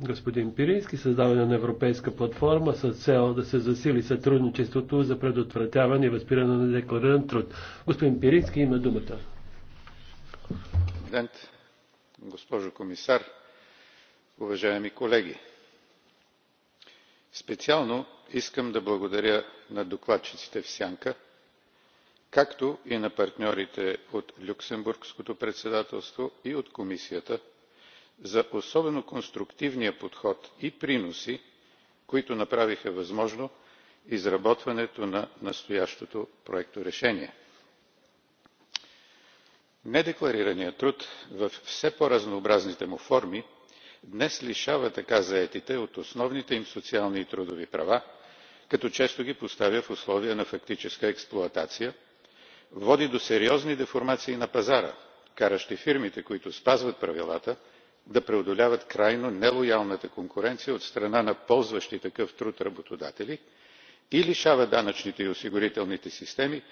господин Пирински, създаване на европейска платформа с цел да се засили сътрудничеството за предотвратяване и възпиране на деклариран труд. Господин Пирински има думата. Президент, госпожо комисар, уважаеми колеги! Специално искам да благодаря на докладчиците в сянка, както и на партньорите от Люксембургското председателство и от комисията, за особено конструктивния подход и приноси които направиха възможно изработването на настоящото проекторешение. недекларираният труд във все по разнообразните му форми днес лишава така заетите от основните им социални и трудови права като често ги поставя в условия на фактическа експлоатация води до сериозни деформации на пазара каращи фирмите които спазват правилата да преодоляват крайно нелоялната конкуренция от страна на ползващи такъв труд работодатели и лишава данъчните и осигурителните системи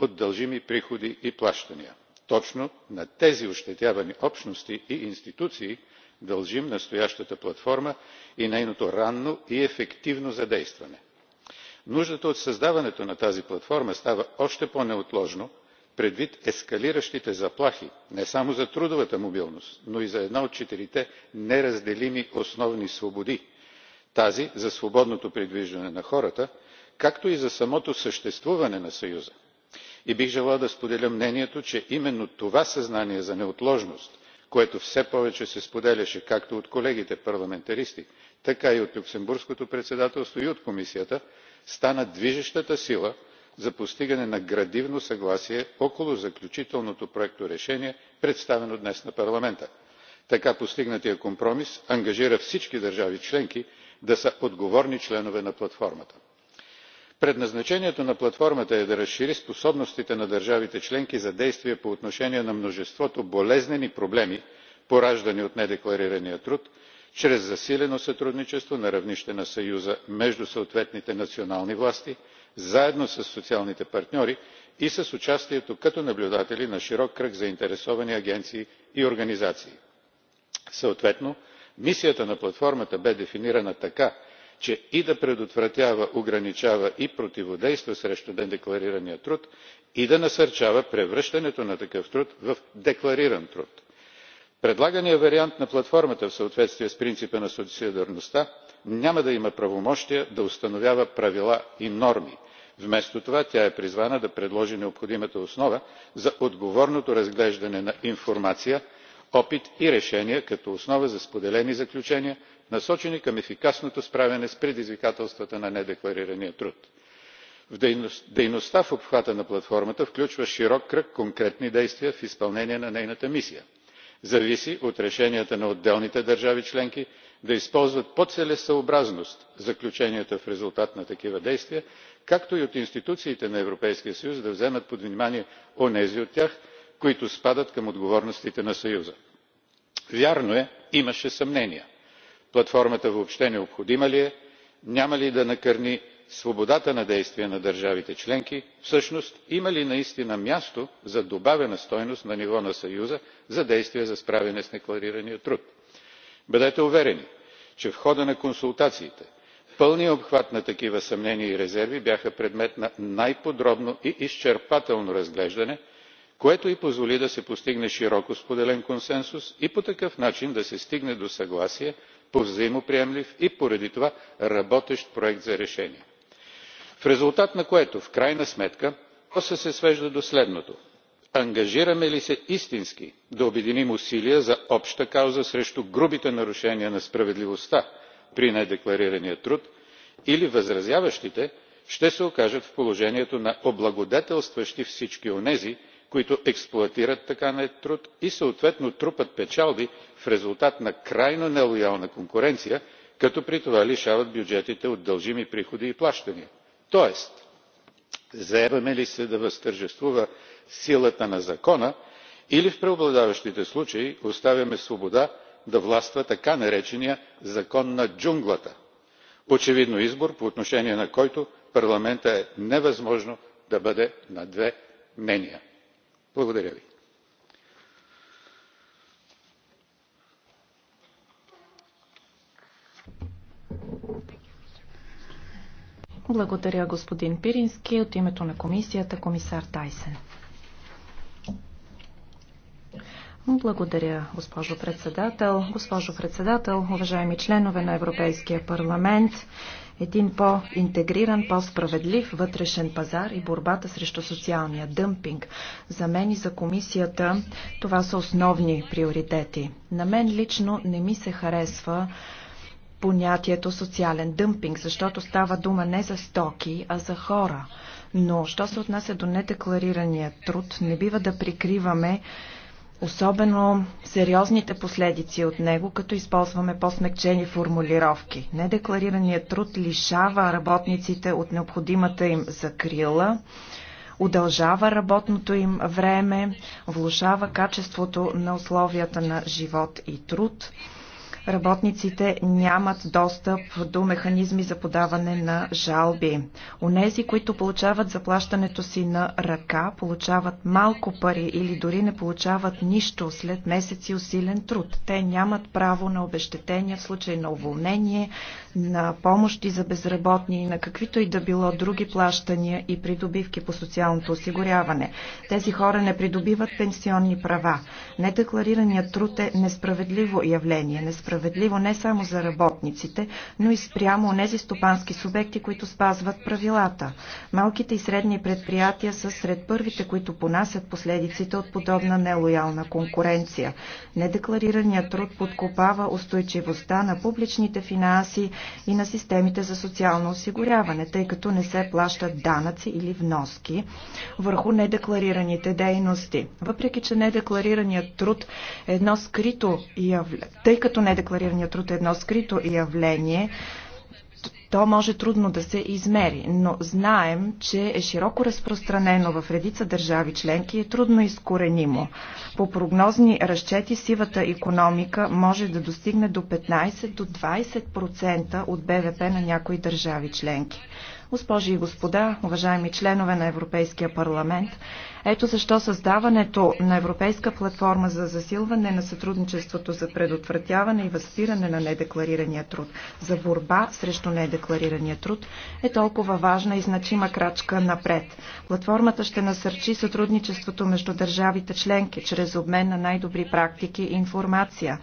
от дължими приходи и плащания. точно на тези ощетявани общности и институции дължим настоящата платформа и нейното ранно и ефективно задействане. нуждата от създаването на тази платформа става още по неотложно предвид ескалиращите заплахи не само за трудовата мобилност но и за една от четирите неразделими основни свободи тази за свободното придвижване на хората както и за самото съществуване на съюза. и бих желал да споделя мнението че именно това съзнание за неотложност което все повече се споделяше както от колегите парламентаристи така и от люксембургското председателство и от комисията стана движещата сила за постигане на градивно съгласие около заключителното проекторешение представено днес на парламента. така постигнатият компромис ангажира всички държави членки да са отговорни членове на платформата. предназначението на платформата е да разшири способностите на държавите членки за действие по отношение на множеството болезнени проблеми пораждани от недекларирания труд чрез засилено сътрудничество на равнище на съюза между съответните национални власти заедно със социалните партньори и с участието като наблюдатели на широк кръг заинтересовани агенции и организации. съответно мисията на платформата бе дефинирана така че и да предотвратява ограничава и противодейства срещу недекларирания труд и да насърчава превръщането на такъв труд в деклариран труд. предлаганият вариант на платформата в съответствие с принципа на субсидиарността няма да има правомощия да установява правила и норми. вместо това тя е призвана да предложи необходимата основа за отговорното разглеждане на информация опит и решения като основа за споделени заключения насочени към ефикасното справяне с предизвикателствата на недекларирания труд. дейността в обхвата на платформата включва широк кръг конкретни действия в изпълнение на нейната мисия зависи от решенията на отделните държави членки да използват по целесъобразност заключенията в резултат на такива действия както и от институциите на европейския съюз да вземат под внимание онези от тях които спадат към отговорностите на съюза. вярно е имаше съмнения платформата въобще необходима ли е няма ли да накърни свободата на действие на държавите членки всъщност има ли наистина място за добавена стойност на ниво на съюза за действия за справяне с декларирания труд? бъдете уверени че в хода на консултациите пълният обхват на такива съмнения и резерви бяха предмет на най подробно и изчерпателно разглеждане което и позволи да се постигне широко споделен консенсус и по такъв начин да се стигне до съгласие по взаимоприемлив и поради това работещ проект за решение в резултат на което в крайна сметка въпросът се свежда до следното ангажираме ли се истински да обединим усилия за обща кауза срещу грубите нарушения на справедливостта при недекларирания труд или възразяващите ще се окажат в положението на облагодетелстващи всички онези които експлоатират така нает труд и съответно трупат печалби в резултат на крайно нелоялна конкуренция като при това лишават бюджетите от дължими приходи и плащания. тоест заемаме ли се да възтържествува силата на закона или в преобладаващите случаи оставяме свобода да властва така нареченият закон на джунглата очевидно избор по отношение на който парламента е невъзможно да бъде на две мнения. благодаря ви. Благодаря, господин Пирински. От името на комисията, комисар Тайсен. Благодаря, госпожо председател. Госпожо председател, уважаеми членове на Европейския парламент, един по-интегриран, по-справедлив вътрешен пазар и борбата срещу социалния дъмпинг. За мен и за комисията това са основни приоритети. На мен лично не ми се харесва понятието социален дъмпинг, защото става дума не за стоки, а за хора. Но, що се отнася до недекларирания труд, не бива да прикриваме особено сериозните последици от него, като използваме по-смекчени формулировки. Недекларираният труд лишава работниците от необходимата им закрила, удължава работното им време, влушава качеството на условията на живот и труд – работниците нямат достъп до механизми за подаване на жалби. Онези, които получават заплащането си на ръка, получават малко пари или дори не получават нищо след месеци усилен труд. Те нямат право на обещетения в случай на уволнение, на помощи за безработни и на каквито и да било други плащания и придобивки по социалното осигуряване. Тези хора не придобиват пенсионни права. Недекларираният труд е несправедливо явление. Несправедливо не само за работниците, но и спрямо тези стопански субекти, които спазват правилата. Малките и средни предприятия са сред първите, които понасят последиците от подобна нелоялна конкуренция. Недекларираният труд подкопава устойчивостта на публичните финанси, и на системите за социално осигуряване, тъй като не се плащат данъци или вноски върху недекларираните дейности. Въпреки, че недекларираният труд е едно скрито явление, тъй като недекларираният труд е едно скрито явление, то може трудно да се измери, но знаем, че е широко разпространено в редица държави членки и е трудно изкоренимо. По прогнозни разчети сивата економика може да достигне до 15 до 20% от БВП на някои държави членки. Госпожи и господа, уважаеми членове на Европейския парламент, ето защо създаването на Европейска платформа за засилване на сътрудничеството за предотвратяване и възпиране на недекларирания труд, за борба срещу недекларирания труд е толкова важна и значима крачка напред. Платформата ще насърчи сътрудничеството между държавите членки чрез обмен на най-добри практики и информация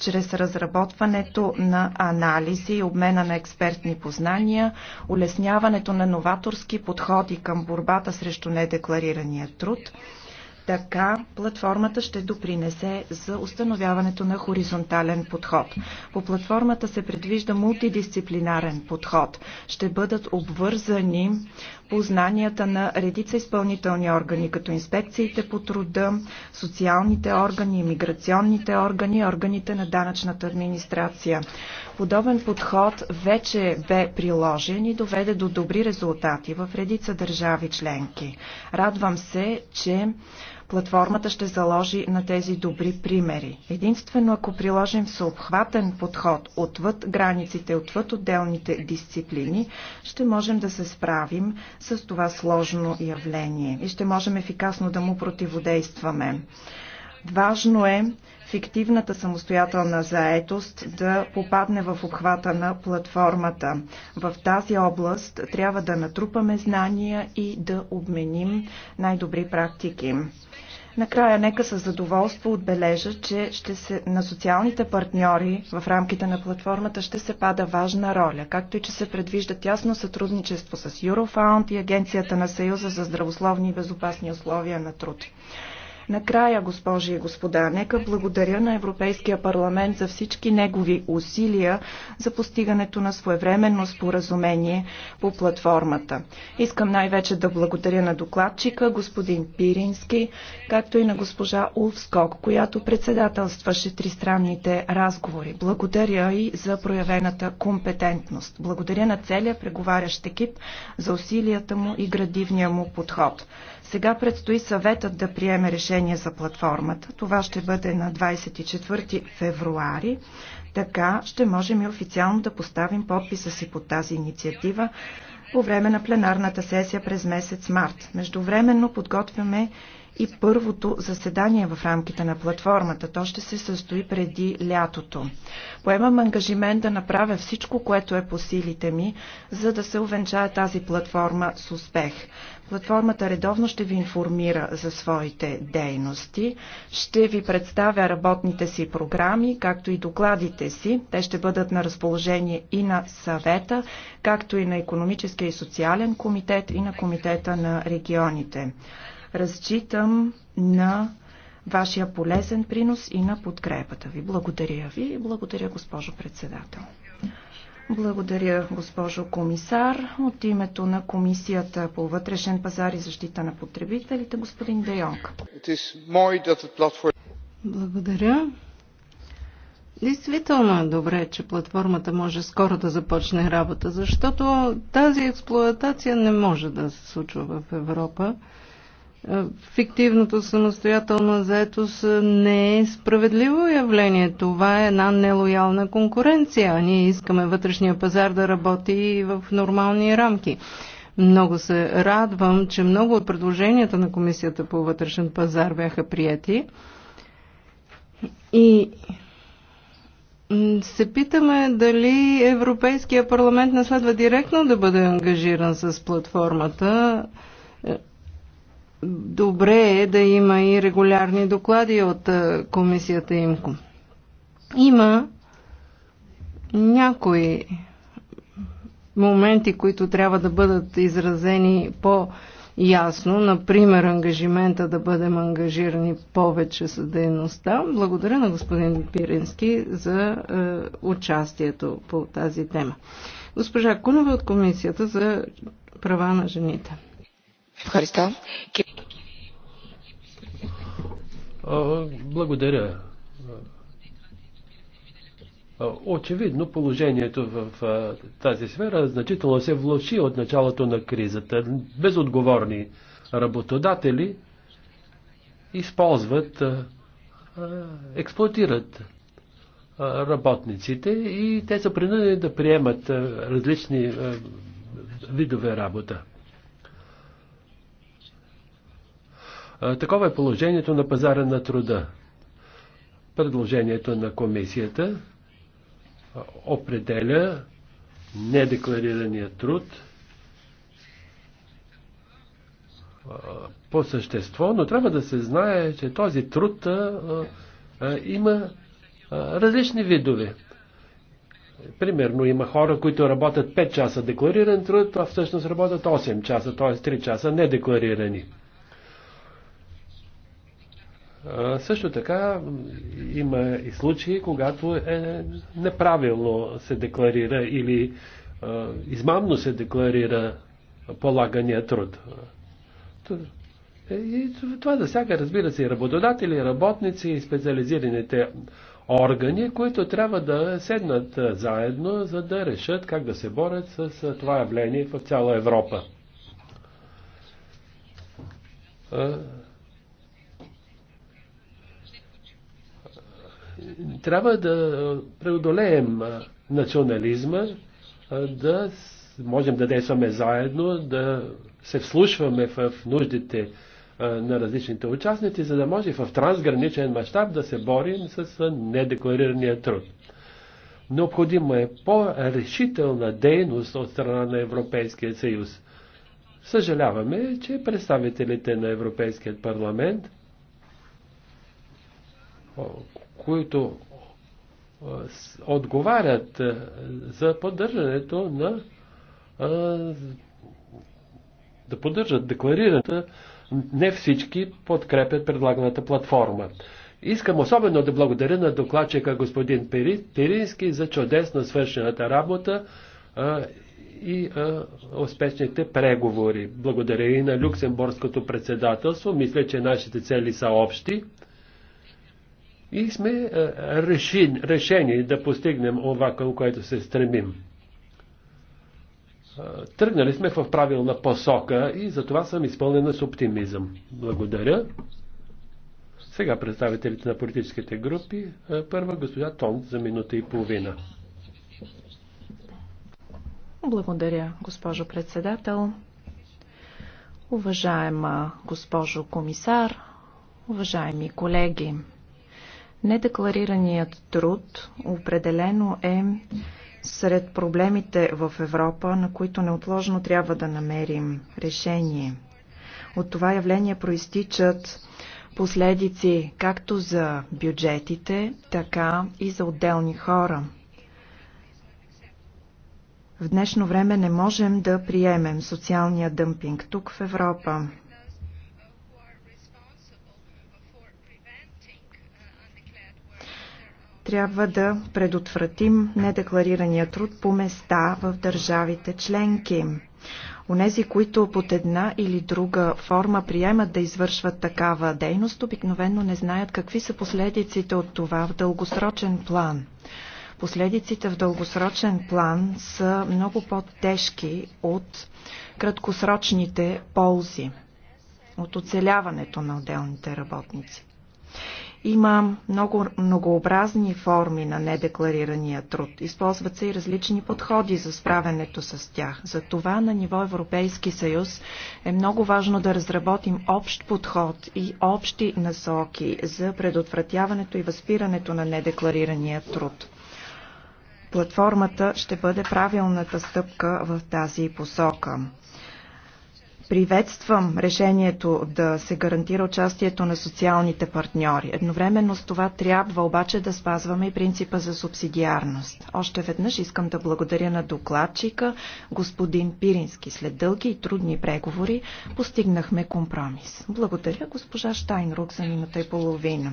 чрез разработването на анализи и обмена на експертни познания, улесняването на новаторски подходи към борбата срещу недекларирания труд, така платформата ще допринесе за установяването на хоризонтален подход. По платформата се предвижда мултидисциплинарен подход. Ще бъдат обвързани познанията на редица изпълнителни органи, като инспекциите по труда, социалните органи, миграционните органи, органите на данъчната администрация. Подобен подход вече бе приложен и доведе до добри резултати в редица държави членки. Радвам се, че Платформата ще заложи на тези добри примери. Единствено ако приложим съобхватен подход отвъд границите, отвъд отделните дисциплини, ще можем да се справим с това сложно явление и ще можем ефикасно да му противодействаме. Важно е фиктивната самостоятелна заетост да попадне в обхвата на платформата. В тази област трябва да натрупаме знания и да обменим най-добри практики. Накрая нека с задоволство отбележа, че ще се, на социалните партньори в рамките на платформата ще се пада важна роля, както и че се предвижда тясно сътрудничество с Eurofound и Агенцията на Съюза за здравословни и безопасни условия на труд. Накрая, госпожи и господа, нека благодаря на Европейския парламент за всички негови усилия за постигането на своевременно споразумение по платформата. Искам най-вече да благодаря на докладчика, господин Пирински, както и на госпожа Улфскок, която председателстваше тристранните разговори. Благодаря и за проявената компетентност. Благодаря на целия преговарящ екип за усилията му и градивния му подход. Сега предстои съветът да приеме решение за платформата. Това ще бъде на 24 февруари. Така ще можем и официално да поставим подписа си под тази инициатива по време на пленарната сесия през месец март. Междувременно подготвяме и първото заседание в рамките на платформата. То ще се състои преди лятото. Поемам ангажимент да направя всичко, което е по силите ми, за да се увенчае тази платформа с успех. Платформата редовно ще ви информира за своите дейности, ще ви представя работните си програми, както и докладите си. Те ще бъдат на разположение и на съвета, както и на економическия и социален комитет и на комитета на регионите. Разчитам на вашия полезен принос и на подкрепата ви. Благодаря ви и благодаря, госпожо председател. Благодаря, госпожо комисар. От името на Комисията по вътрешен пазар и защита на потребителите, господин Дейонг. Благодаря. Действително е добре, че платформата може скоро да започне работа, защото тази експлоатация не може да се случва в Европа. Е, фиктивното самостоятелно заетост не е справедливо явление. Това е една нелоялна конкуренция. Ние искаме вътрешния пазар да работи в нормални рамки. Много се радвам, че много от предложенията на Комисията по вътрешен пазар бяха прияти. И се питаме дали Европейския парламент не следва директно да бъде ангажиран с платформата добре е да има и регулярни доклади от е, комисията ИМКО. Има някои моменти, които трябва да бъдат изразени по-ясно, например ангажимента да бъдем ангажирани повече с дейността. Благодаря на господин Пирински за е, участието по тази тема. Госпожа Кунова от Комисията за права на жените. Ευχαριστώ. Благодаря. Очевидно положението в тази сфера значително се влоши от началото на кризата. Безотговорни работодатели използват, експлуатират работниците и те са принудени да приемат различни видове работа. Такова е положението на пазара на труда. Предложението на комисията определя недекларирания труд по същество, но трябва да се знае, че този труд има различни видове. Примерно има хора, които работят 5 часа деклариран труд, а всъщност работят 8 часа, т.е. 3 часа недекларирани. Също така има и случаи, когато е неправилно се декларира или измамно се декларира полагания труд. Е, и това засяга, разбира се, и работодатели, и работници, и специализираните органи, които трябва да седнат заедно, за да решат как да се борят с това явление в цяла Европа трябва да преодолеем национализма, да можем да действаме заедно, да се вслушваме в нуждите на различните участници, за да може в трансграничен мащаб да се борим с недекларирания труд. Необходима е по-решителна дейност от страна на Европейския съюз. Съжаляваме, че представителите на Европейският парламент, които е, отговарят е, за поддържането на е, да поддържат декларирата, не всички подкрепят предлаганата платформа. Искам особено да благодаря на докладчика господин Пирински за чудесно свършената работа и успешните преговори. Благодаря и на Люксембургското председателство. Мисля, че нашите цели са общи. И сме е, решен, решени да постигнем това, към което се стремим. Е, тръгнали сме в правилна посока и за това съм изпълнена с оптимизъм. Благодаря. Сега представителите на политическите групи. Е, първа госпожа Тон за минута и половина. Благодаря, госпожо председател. Уважаема госпожо комисар, уважаеми колеги, Недекларираният труд определено е сред проблемите в Европа, на които неотложно трябва да намерим решение. От това явление проистичат последици както за бюджетите, така и за отделни хора. В днешно време не можем да приемем социалния дъмпинг тук в Европа. трябва да предотвратим недекларирания труд по места в държавите членки. Онези, които под една или друга форма приемат да извършват такава дейност, обикновено не знаят какви са последиците от това в дългосрочен план. Последиците в дългосрочен план са много по-тежки от краткосрочните ползи, от оцеляването на отделните работници. Има много многообразни форми на недекларирания труд. Използват се и различни подходи за справянето с тях. За това на ниво Европейски съюз е много важно да разработим общ подход и общи насоки за предотвратяването и възпирането на недекларирания труд. Платформата ще бъде правилната стъпка в тази посока. Приветствам решението да се гарантира участието на социалните партньори. Едновременно с това трябва обаче да спазваме и принципа за субсидиарност. Още веднъж искам да благодаря на докладчика, господин Пирински. След дълги и трудни преговори постигнахме компромис. Благодаря госпожа Штайнрук за минута и половина.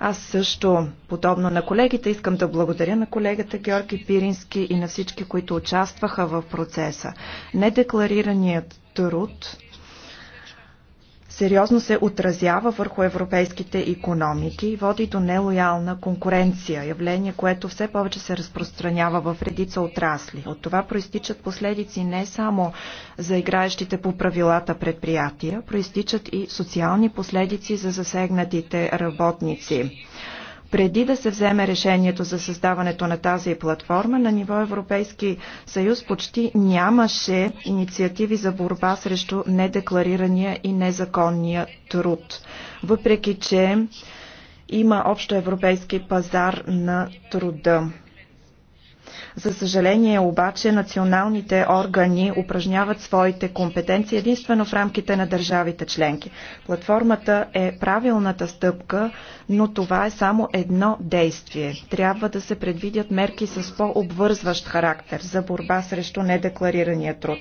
Аз също, подобно на колегите, искам да благодаря на колегата Георги Пирински и на всички, които участваха в процеса. Недекларираният труд сериозно се отразява върху европейските економики и води до нелоялна конкуренция, явление, което все повече се разпространява в редица отрасли. От това проистичат последици не само за играещите по правилата предприятия, проистичат и социални последици за засегнатите работници преди да се вземе решението за създаването на тази платформа, на ниво Европейски съюз почти нямаше инициативи за борба срещу недекларирания и незаконния труд. Въпреки, че има общо европейски пазар на труда. За съжаление обаче националните органи упражняват своите компетенции единствено в рамките на държавите членки. Платформата е правилната стъпка но това е само едно действие. Трябва да се предвидят мерки с по-обвързващ характер за борба срещу недекларирания труд.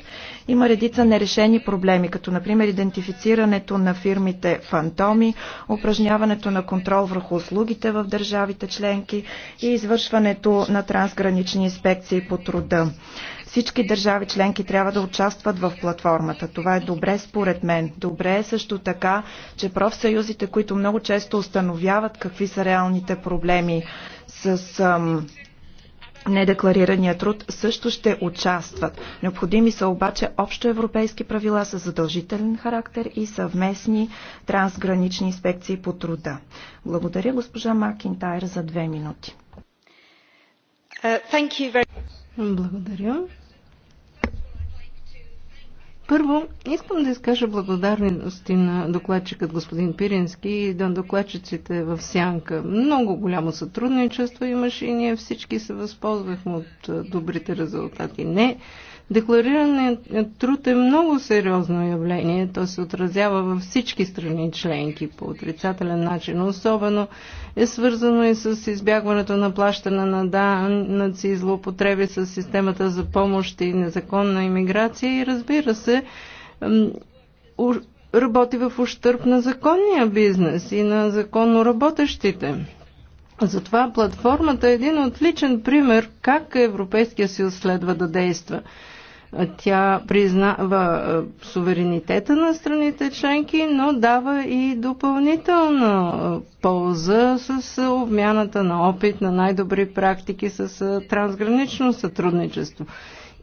Има редица нерешени проблеми, като например идентифицирането на фирмите фантоми, упражняването на контрол върху услугите в държавите членки и извършването на трансгранични инспекции по труда. Всички държави членки трябва да участват в платформата. Това е добре според мен. Добре е също така, че профсъюзите, които много често установяват какви са реалните проблеми с ам, недекларирания труд също ще участват. Необходими са обаче общоевропейски правила с задължителен характер и съвместни трансгранични инспекции по труда. Благодаря госпожа Макинтайр за две минути. Uh, Благодаря. Първо, искам да изкажа благодарности на докладчикът господин Пирински и на докладчиците в Сянка. Много голямо сътрудничество имаше и ние всички се възползвахме от добрите резултати. Не Декларираният труд е много сериозно явление. То се отразява във всички страни членки по отрицателен начин. Особено е свързано и с избягването на плащане на данъци, злоупотреби с системата за помощ и незаконна иммиграция и разбира се, работи в ущърп на законния бизнес и на законно работещите. Затова платформата е един отличен пример как Европейския съюз следва да действа. Тя признава е, суверенитета на страните членки, но дава и допълнителна е, полза с е, обмяната на опит, на най-добри практики с трансгранично сътрудничество.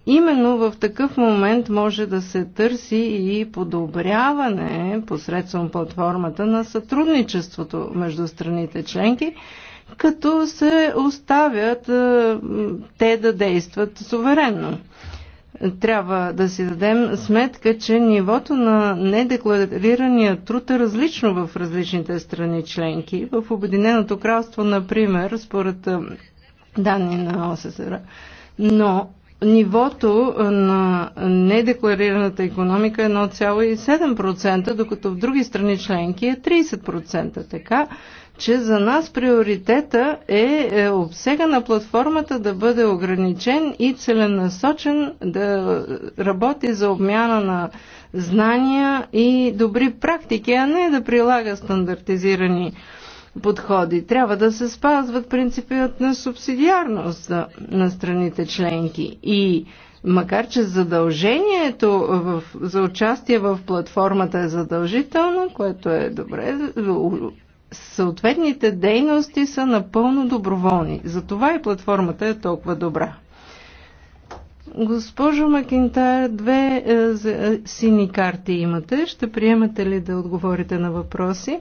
Именно в такъв момент може да се търси и подобряване посредством платформата на сътрудничеството между страните членки, като се оставят те да действат суверенно трябва да си дадем сметка, че нивото на недекларирания труд е различно в различните страни членки. В Обединеното кралство, например, според данни на ОССР, но нивото на недекларираната економика е 1,7%, докато в други страни членки е 30%. Така че за нас приоритета е, е обсега на платформата да бъде ограничен и целенасочен да работи за обмяна на знания и добри практики, а не да прилага стандартизирани подходи. Трябва да се спазват принципът на субсидиарност на страните членки и макар че задължението в, за участие в платформата е задължително, което е добре, съответните дейности са напълно доброволни. Затова и платформата е толкова добра. Госпожо Макинтар, две е, е, сини карти имате. Ще приемате ли да отговорите на въпроси?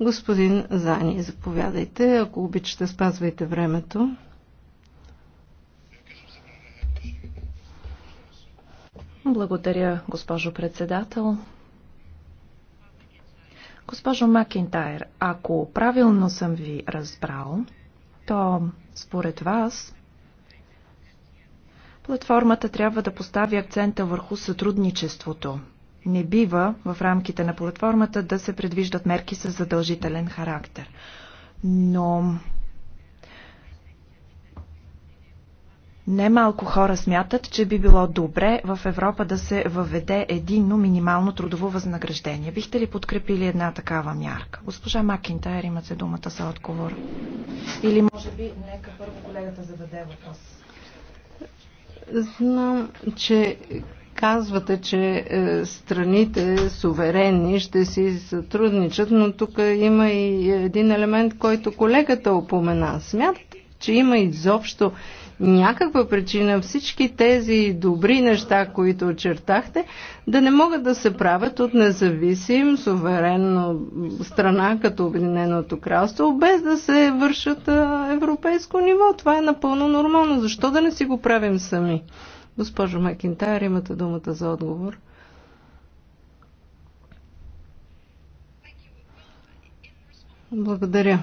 Господин Зани, заповядайте. Ако обичате, спазвайте времето. Благодаря, госпожо председател. Госпожо Макентайр, ако правилно съм ви разбрал, то според вас платформата трябва да постави акцента върху сътрудничеството. Не бива в рамките на платформата да се предвиждат мерки с задължителен характер. Но Немалко хора смятат, че би било добре в Европа да се въведе единно минимално трудово възнаграждение. Бихте ли подкрепили една такава мярка? Госпожа Макинтайр, имате думата за отговор. Или може би, нека първо колегата зададе въпрос. Знам, че казвате, че е, страните суверенни ще си сътрудничат, но тук има и един елемент, който колегата опомена. Смятате, че има изобщо някаква причина всички тези добри неща, които очертахте, да не могат да се правят от независим, суверенно страна, като Обединеното кралство, без да се вършат европейско ниво. Това е напълно нормално. Защо да не си го правим сами? Госпожо Макинтайр, имате думата за отговор. Благодаря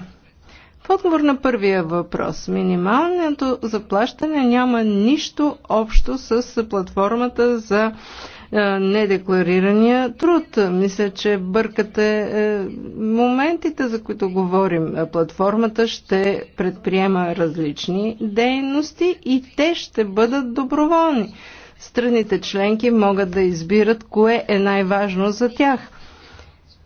отговор на първия въпрос, минималното заплащане няма нищо общо с платформата за е, недекларирания труд. Мисля, че бъркате е, моментите, за които говорим. Платформата ще предприема различни дейности и те ще бъдат доброволни. Страните членки могат да избират кое е най-важно за тях –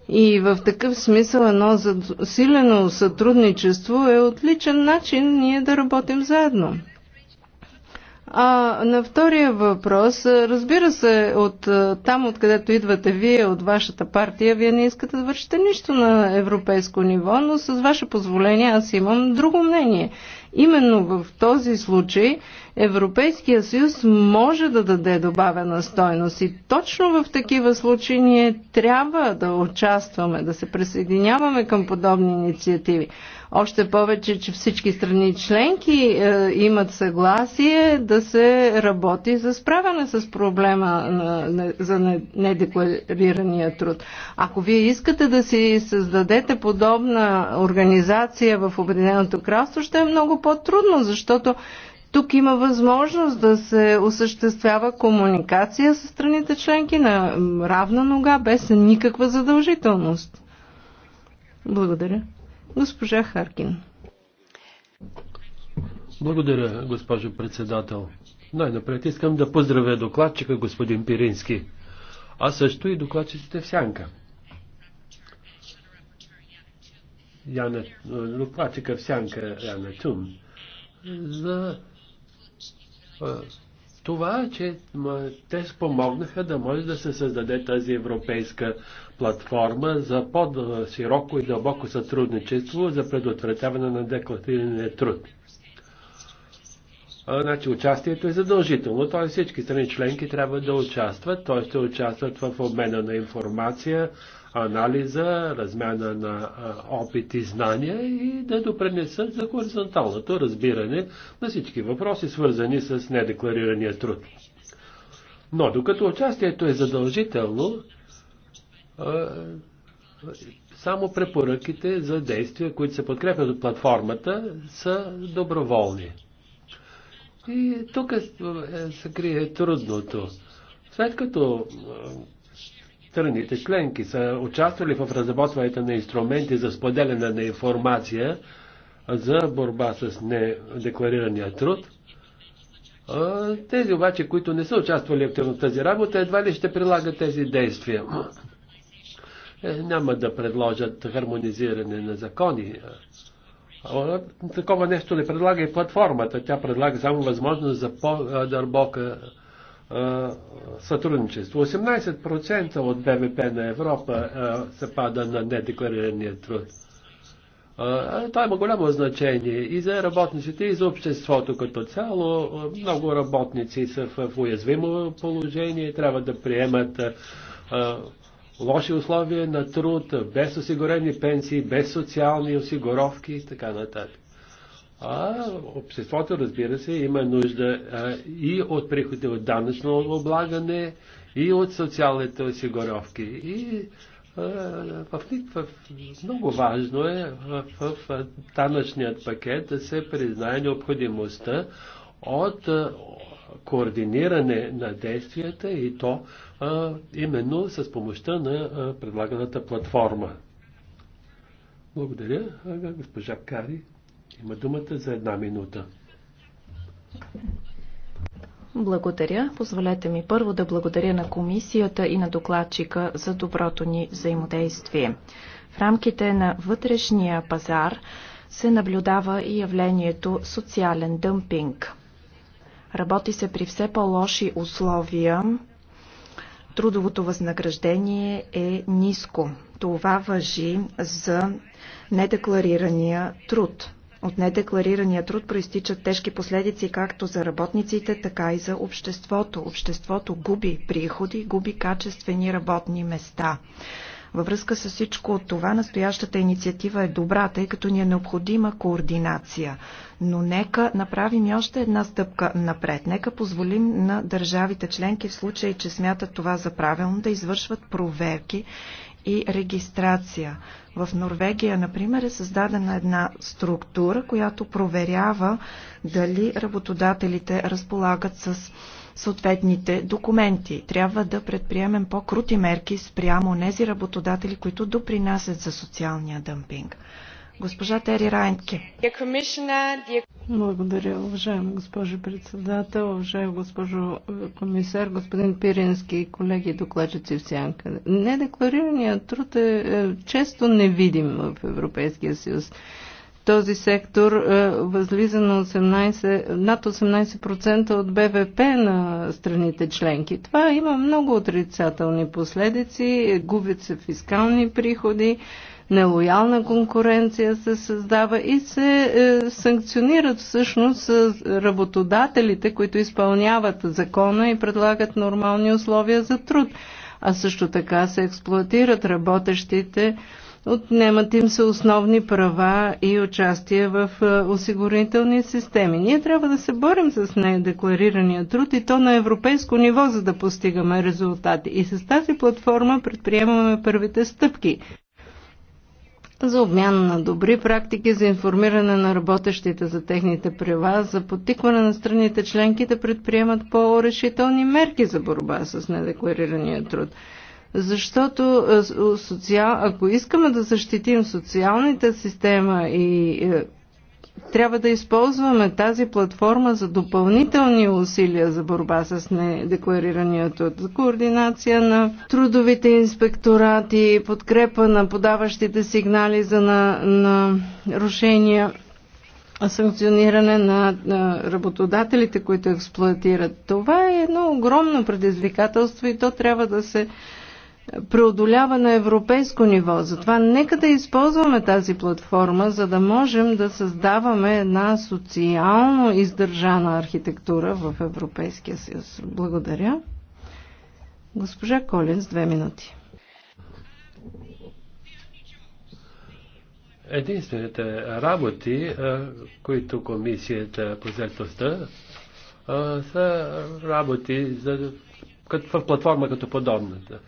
и в такъв смисъл едно засилено сътрудничество е отличен начин ние да работим заедно. А на втория въпрос, разбира се, от там, откъдето идвате вие, от вашата партия, вие не искате да вършите нищо на европейско ниво, но с ваше позволение аз имам друго мнение. Именно в този случай Европейския съюз може да даде добавена стойност и точно в такива случаи ние трябва да участваме, да се присъединяваме към подобни инициативи. Още повече, че всички страни членки е, имат съгласие да се работи за справяне с проблема е, на, за недекларирания труд. Ако вие искате да си създадете подобна организация в Обединеното кралство, ще е много по-трудно, защото тук има възможност да се осъществява комуникация с страните членки на равна нога, без никаква задължителност. Благодаря. Госпожа Харкин. Благодаря, госпожо председател. Най-напред искам да поздравя докладчика господин Пирински, а също и докладчиците в Сянка. Яна, докладчика в Сянка Яна Тюм, за това, че те спомогнаха да може да се създаде тази европейска платформа за по-широко и дълбоко сътрудничество за предотвратяване на декларативния труд. А, значи участието е задължително, т.е. всички страни членки трябва да участват, т.е. ще участват в обмена на информация, анализа, размяна на опит и знания и да допренесат за хоризонталното разбиране на всички въпроси, свързани с недекларирания труд. Но докато участието е задължително, само препоръките за действия, които се подкрепят от платформата, са доброволни. И тук е, е, се крие трудното. След като страните членки са участвали в разработването на инструменти за споделяне на информация за борба с недекларирания труд, тези обаче, които не са участвали активно в тази работа, едва ли ще прилагат тези действия. Е, няма да предложат хармонизиране на закони. Такова нещо не предлага и платформата. Тя предлага само възможност за по дърбока е, сътрудничество. 18% от БВП на Европа е, се пада на недекларирания труд. Това има голямо значение и за работниците, и за обществото като цяло. Много работници са в уязвимо положение и трябва да приемат лоши условия на труд, без осигурени пенсии, без социални осигуровки и така нататък. А обществото, разбира се, има нужда а, и от приходи от данъчно облагане, и от социалните осигуровки. И а, в, в, много важно е в, в, в данъчният пакет да се признае необходимостта от координиране на действията и то а, именно с помощта на а, предлаганата платформа. Благодаря. Ага, госпожа Кари има думата за една минута. Благодаря. Позволете ми първо да благодаря на комисията и на докладчика за доброто ни взаимодействие. В рамките на вътрешния пазар се наблюдава и явлението социален дъмпинг – Работи се при все по-лоши условия. Трудовото възнаграждение е ниско. Това въжи за недекларирания труд. От недекларирания труд проистичат тежки последици както за работниците, така и за обществото. Обществото губи приходи, губи качествени работни места. Във връзка с всичко от това, настоящата инициатива е добра, тъй като ни е необходима координация. Но нека направим и още една стъпка напред. Нека позволим на държавите членки в случай, че смятат това за правилно, да извършват проверки и регистрация. В Норвегия, например, е създадена една структура, която проверява дали работодателите разполагат с съответните документи. Трябва да предприемем по-крути мерки спрямо нези работодатели, които допринасят за социалния дъмпинг. Госпожа Тери Райнке. Благодаря, уважаема госпожо председател, уважаема госпожо е, комисар, господин Пирински и колеги докладчици в сянка. Недекларираният труд е, е често невидим в Европейския съюз този сектор е, възлиза на 18, над 18% от БВП на страните членки. Това има много отрицателни последици, губят се фискални приходи, нелоялна конкуренция се създава и се е, санкционират всъщност е, работодателите, които изпълняват закона и предлагат нормални условия за труд. А също така се експлуатират работещите отнемат им се основни права и участие в е, осигурителни системи. Ние трябва да се борим с недекларирания труд и то на европейско ниво, за да постигаме резултати. И с тази платформа предприемаме първите стъпки за обмяна на добри практики, за информиране на работещите за техните права, за потикване на страните членки да предприемат по-решителни мерки за борба с недекларирания труд. Защото социал... ако искаме да защитим социалната система и е, трябва да използваме тази платформа за допълнителни усилия за борба с недекларирането, за координация на трудовите инспекторати, подкрепа на подаващите сигнали за на, на рушения, санкциониране на, на работодателите, които експлуатират. Това е едно огромно предизвикателство и то трябва да се преодолява на европейско ниво. Затова нека да използваме тази платформа, за да можем да създаваме една социално издържана архитектура в Европейския съюз. Благодаря. Госпожа Колин с две минути. Единствените работи, които комисията по заедността са работи за, в платформа като подобната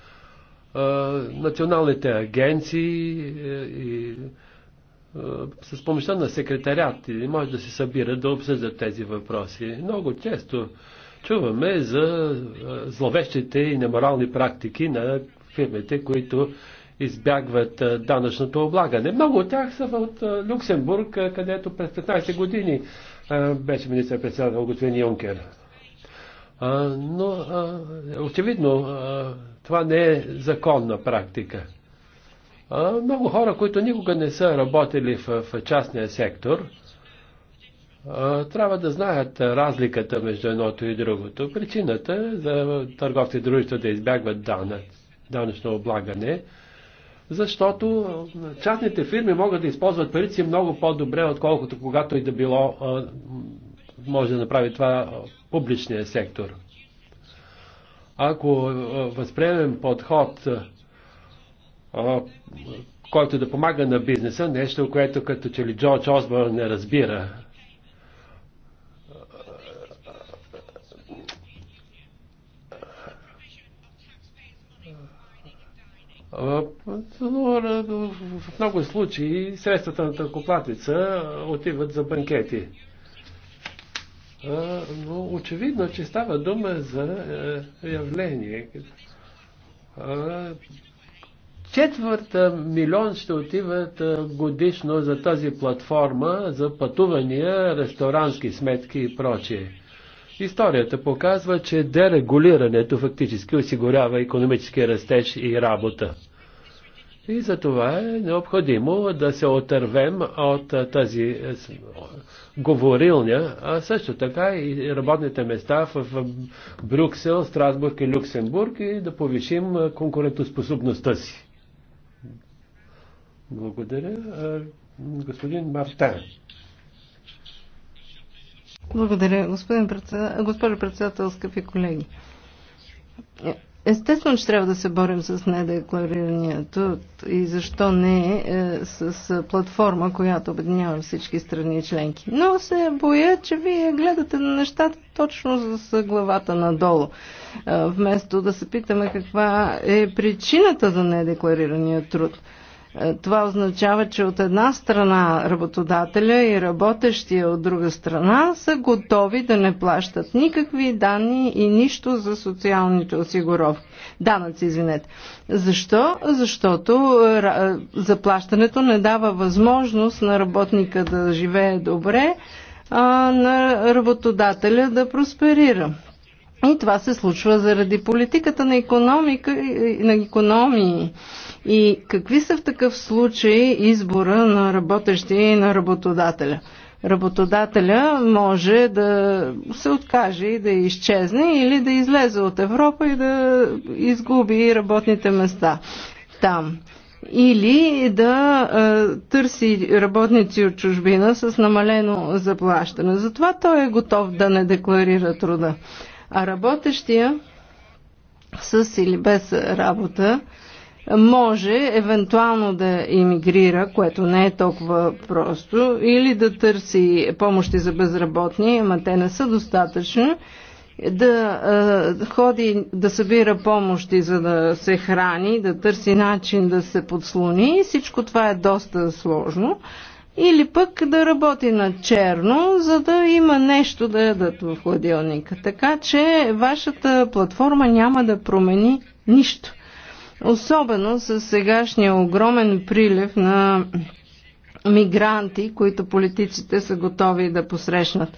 националните агенции е, и е, с помощта на секретарят може да се събират да обсъждат тези въпроси. Много често чуваме за е, зловещите и неморални практики на фирмите, които избягват данъчното облагане. Много от тях са от Люксембург, където през 15 години беше министър-председател господин Юнкер. Но очевидно това не е законна практика. А, много хора, които никога не са работили в, в частния сектор, а, трябва да знаят разликата между едното и другото. Причината е за търговци дружества да избягват данък, данъчно облагане защото частните фирми могат да използват парици много по-добре, отколкото когато и да било може да направи това публичния сектор. Ако възприемем подход, който да помага на бизнеса, нещо, което като че ли Джордж Осборн не разбира, Но в много случаи средствата на търкоплатица отиват за банкети но очевидно, че става дума за е, явление. Четвърта милион ще отиват е, годишно за тази платформа за пътувания, ресторански сметки и прочие. Историята показва, че дерегулирането фактически осигурява економически растеж и работа. И за това е необходимо да се отървем от тази говорилня, а също така и работните места в Брюксел, Страсбург и Люксембург и да повишим конкурентоспособността си. Благодаря. Господин Мартан. Благодаря, господин председател, госпожо председател, скъпи колеги. Естествено, че трябва да се борим с недекларирането и защо не е, с платформа, която обединява всички страни и членки. Но се боя, че вие гледате на нещата точно с главата надолу, е, вместо да се питаме каква е причината за недекларирания труд. Е, това означава, че от една страна работодателя и работещия от друга страна са готови да не плащат никакви данни и нищо за социалните осигуровки. Данъци, извинете. Защо? Защото е, е, заплащането не дава възможност на работника да живее добре, а на работодателя да просперира. И това се случва заради политиката на, економика, на економии. И какви са в такъв случай избора на работещия и на работодателя? Работодателя може да се откаже и да изчезне или да излезе от Европа и да изгуби работните места там. Или да е, търси работници от чужбина с намалено заплащане. Затова той е готов да не декларира труда. А работещия с или без работа може евентуално да иммигрира, което не е толкова просто, или да търси помощи за безработни, ама те не са достатъчни, да е, ходи да събира помощи, за да се храни, да търси начин да се подслони. Всичко това е доста сложно или пък да работи на черно, за да има нещо да ядат в хладилника. Така че вашата платформа няма да промени нищо. Особено с сегашния огромен прилив на мигранти, които политиците са готови да посрещнат.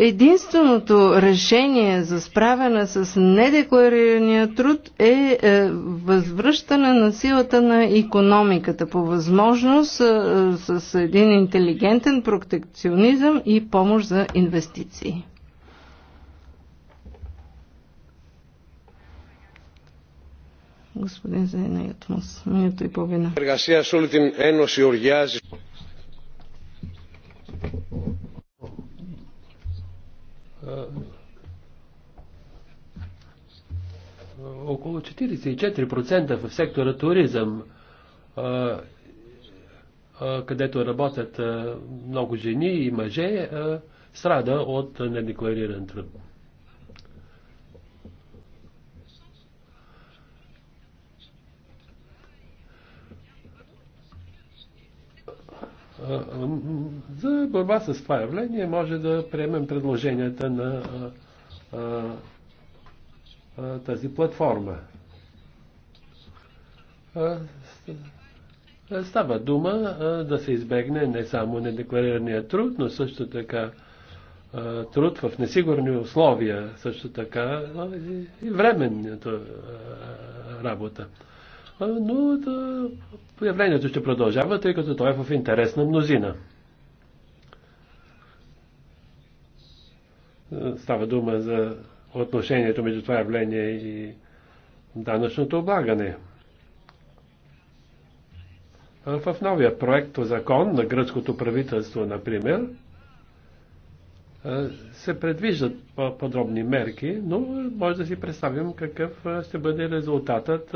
Единственото решение за справяне с недекларирания труд е, е възвръщане на силата на економиката по възможност е, е, с един интелигентен протекционизъм и помощ за инвестиции. Господин Зайна Ятмус, минуто и половина. Е, около 44% в сектора туризъм, е, е, където работят много жени и мъже, страда от недеклариран труд. За борба с това явление може да приемем предложенията на тази платформа. Става дума да се избегне не само недекларирания труд, но също така труд в несигурни условия, също така и временната работа но да, явлението ще продължава, тъй като то е в интерес на мнозина. Става дума за отношението между това явление и данъчното облагане. В новия проект закон на гръцкото правителство, например, се предвиждат подробни мерки, но може да си представим какъв ще бъде резултатът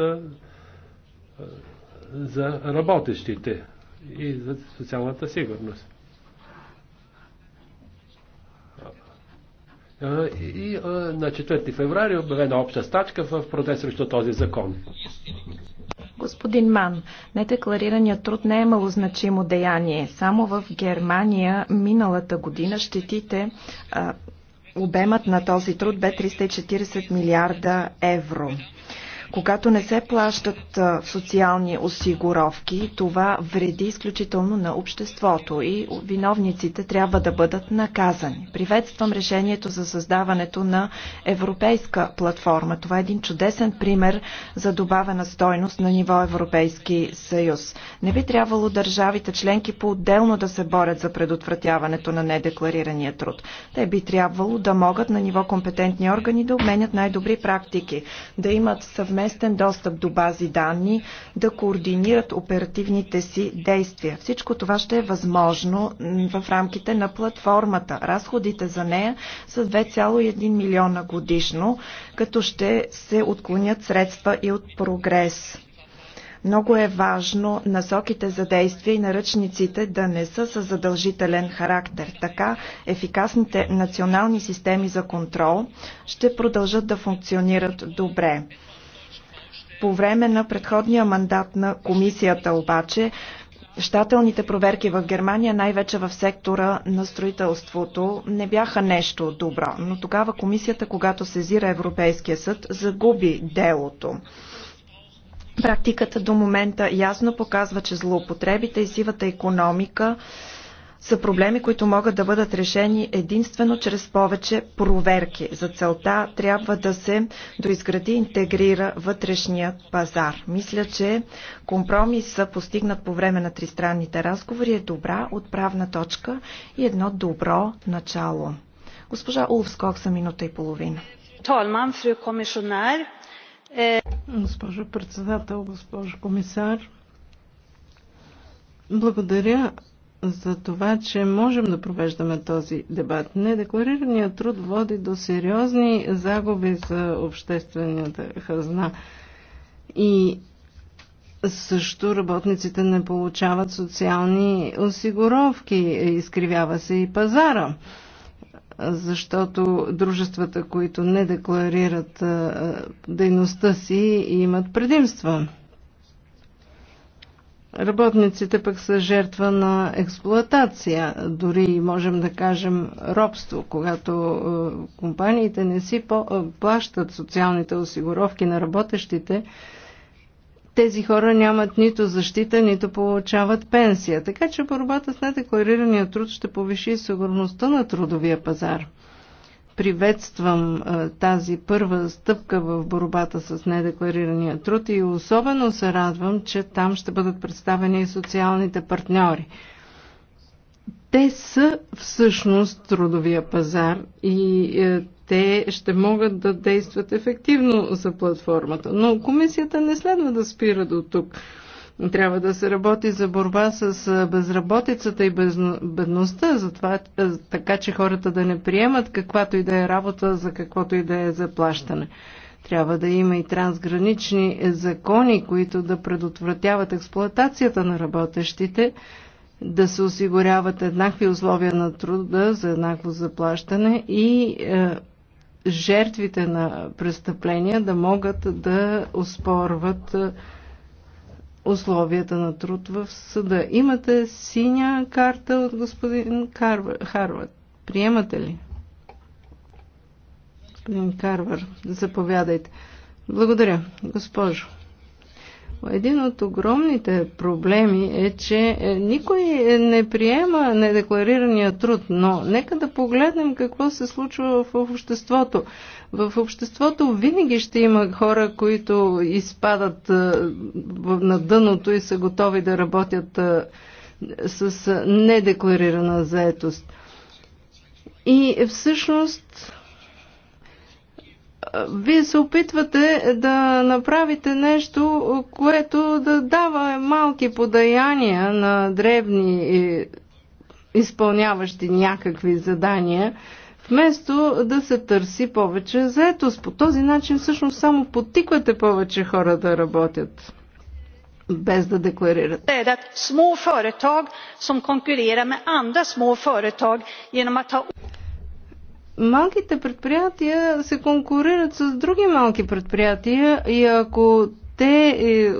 за работещите и за социалната сигурност. И на 4 феврари обявена обща стачка в протест срещу този закон. Господин Ман, недекларираният труд не е малозначимо деяние. Само в Германия миналата година щетите обемът на този труд бе 340 милиарда евро. Когато не се плащат социални осигуровки, това вреди изключително на обществото и виновниците трябва да бъдат наказани. Приветствам решението за създаването на европейска платформа. Това е един чудесен пример за добавена стойност на ниво Европейски съюз. Не би трябвало държавите членки по-отделно да се борят за предотвратяването на недекларирания труд. Те би трябвало да могат на ниво компетентни органи да обменят най-добри практики, да имат съвместно съвместен достъп до бази данни, да координират оперативните си действия. Всичко това ще е възможно в рамките на платформата. Разходите за нея са 2,1 милиона годишно, като ще се отклонят средства и от прогрес. Много е важно насоките за действие и наръчниците да не са с задължителен характер. Така ефикасните национални системи за контрол ще продължат да функционират добре. По време на предходния мандат на комисията обаче, щателните проверки в Германия, най-вече в сектора на строителството, не бяха нещо добро. Но тогава комисията, когато сезира Европейския съд, загуби делото. Практиката до момента ясно показва, че злоупотребите и сивата економика са проблеми, които могат да бъдат решени единствено чрез повече проверки. За целта трябва да се доизгради и интегрира вътрешният пазар. Мисля, че компромиса, постигнат по време на тристранните разговори, е добра отправна точка и едно добро начало. Госпожа Улвскок за минута и половина. Толман, фру комисионер. Е- госпожо председател, госпожо комисар, благодаря за това, че можем да провеждаме този дебат. Недекларираният труд води до сериозни загуби за обществената хазна. И също работниците не получават социални осигуровки, изкривява се и пазара, защото дружествата, които не декларират дейността си, имат предимства. Работниците пък са жертва на експлоатация, дори можем да кажем робство, когато е, компаниите не си е, плащат социалните осигуровки на работещите, тези хора нямат нито защита, нито получават пенсия. Така че борбата с недекларирания труд ще повиши сигурността на трудовия пазар приветствам тази първа стъпка в борбата с недекларирания труд и особено се радвам, че там ще бъдат представени и социалните партньори. Те са всъщност трудовия пазар и е, те ще могат да действат ефективно за платформата. Но комисията не следва да спира до тук. Трябва да се работи за борба с безработицата и бедността, затова, така че хората да не приемат каквато и да е работа, за каквото и да е заплащане. Трябва да има и трансгранични закони, които да предотвратяват експлоатацията на работещите, да се осигуряват еднакви условия на труда за еднакво заплащане и е, жертвите на престъпления да могат да оспорват е, условията на труд в съда. Имате синя карта от господин Карвар, Харвард. Приемате ли? Господин Карвар, заповядайте. Благодаря, госпожо. Един от огромните проблеми е, че е, никой не приема недекларирания труд, но нека да погледнем какво се случва в обществото. В обществото винаги ще има хора, които изпадат на дъното и са готови да работят с недекларирана заетост. И всъщност вие се опитвате да направите нещо, което да дава малки подаяния на древни изпълняващи някакви задания, вместо да се търси повече заетост. По този начин всъщност само потиквате повече хора да работят без да декларират. Små företag som konkurrerar med andra små företag genom att малките предприятия се конкурират с други малки предприятия и ако те е,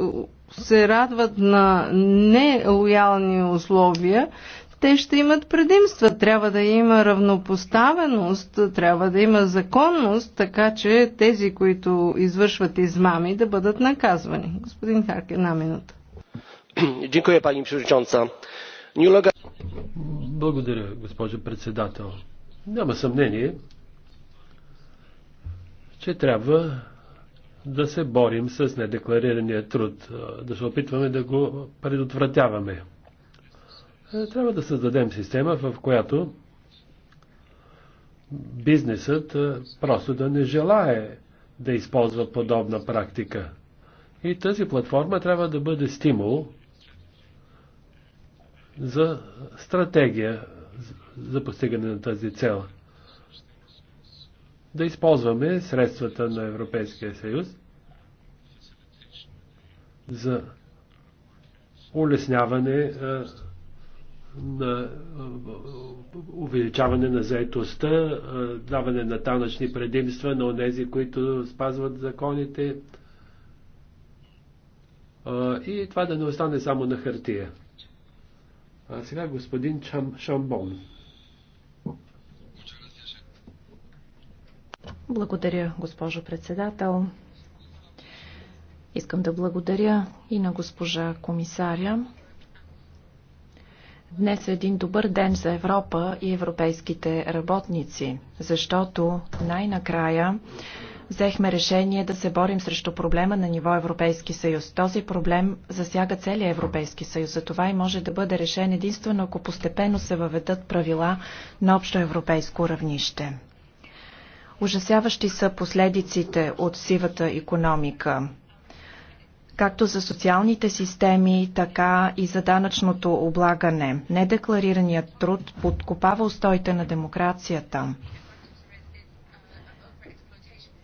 се радват на нелоялни условия, те ще имат предимства. Трябва да има равнопоставеност, трябва да има законност, така че тези, които извършват измами, да бъдат наказвани. Господин Харк, една минута. Благодаря, госпожо председател. Няма съмнение, че трябва да се борим с недекларирания труд, да се опитваме да го предотвратяваме. Е, трябва да създадем система, в която бизнесът е, просто да не желае да използва подобна практика. И тази платформа трябва да бъде стимул за стратегия за постигане на тази цел. Да използваме средствата на Европейския съюз за улесняване е, на увеличаване на заетостта, даване на танъчни предимства на онези, които спазват законите и това да не остане само на хартия. А сега господин Чам, Шамбон. Благодаря, госпожо председател. Искам да благодаря и на госпожа комисаря Днес е един добър ден за Европа и европейските работници, защото най-накрая взехме решение да се борим срещу проблема на ниво Европейски съюз. Този проблем засяга целия Европейски съюз. Затова и може да бъде решен единствено ако постепенно се въведат правила на общо европейско равнище. Ужасяващи са последиците от сивата економика както за социалните системи, така и за данъчното облагане. Недекларираният труд подкопава устоите на демокрацията.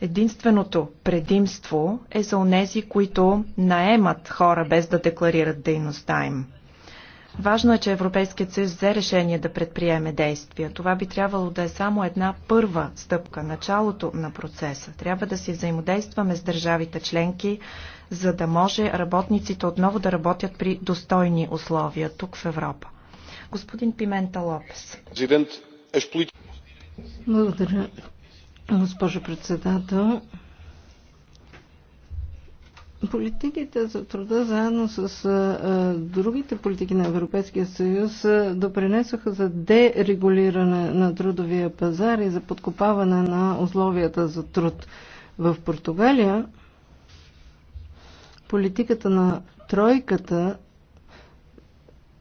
Единственото предимство е за онези, които наемат хора без да декларират дейността им. Важно е, че Европейският съюз взе решение да предприеме действия. Това би трябвало да е само една първа стъпка, началото на процеса. Трябва да си взаимодействаме с държавите членки, за да може работниците отново да работят при достойни условия тук в Европа. Господин Пимента Лопес. Е Благодаря, госпожо председател. Политиките за труда заедно с а, другите политики на Европейския съюз а, допринесоха за дерегулиране на трудовия пазар и за подкопаване на условията за труд. В Португалия политиката на тройката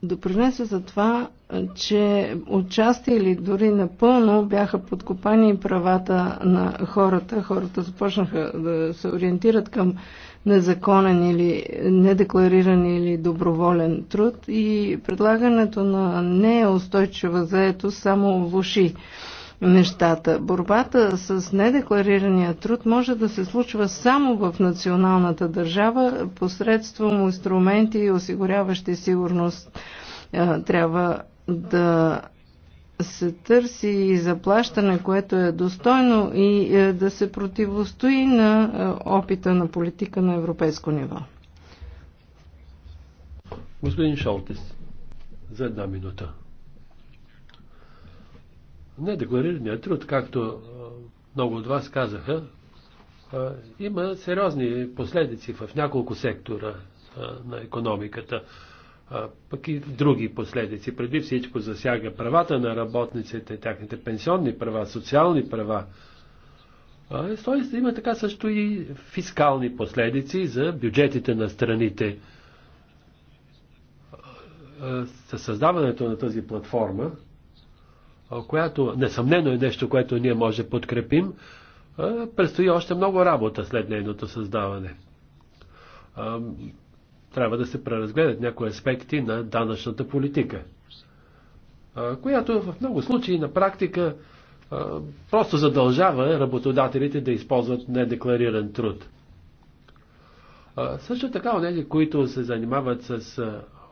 допринесе за това, че отчасти или дори напълно бяха подкопани правата на хората. Хората започнаха да се ориентират към незаконен или недеклариран или доброволен труд и предлагането на неустойчива заето само влуши нещата. Борбата с недекларирания труд може да се случва само в националната държава посредством инструменти, осигуряващи сигурност. Е, трябва да се търси и заплащане, което е достойно и е, да се противостои на е, опита на политика на европейско ниво. Господин Шалтес, за една минута недекларирания труд, както много от вас казаха, има сериозни последици в няколко сектора на економиката, пък и други последици. Преди всичко засяга правата на работниците, тяхните пенсионни права, социални права. Тоест има така също и фискални последици за бюджетите на страните. Със създаването на тази платформа, която несъмнено е нещо, което ние може да подкрепим, предстои още много работа след нейното създаване. Трябва да се преразгледат някои аспекти на данъчната политика, която в много случаи на практика просто задължава работодателите да използват недеклариран труд. Също така, онези, които се занимават с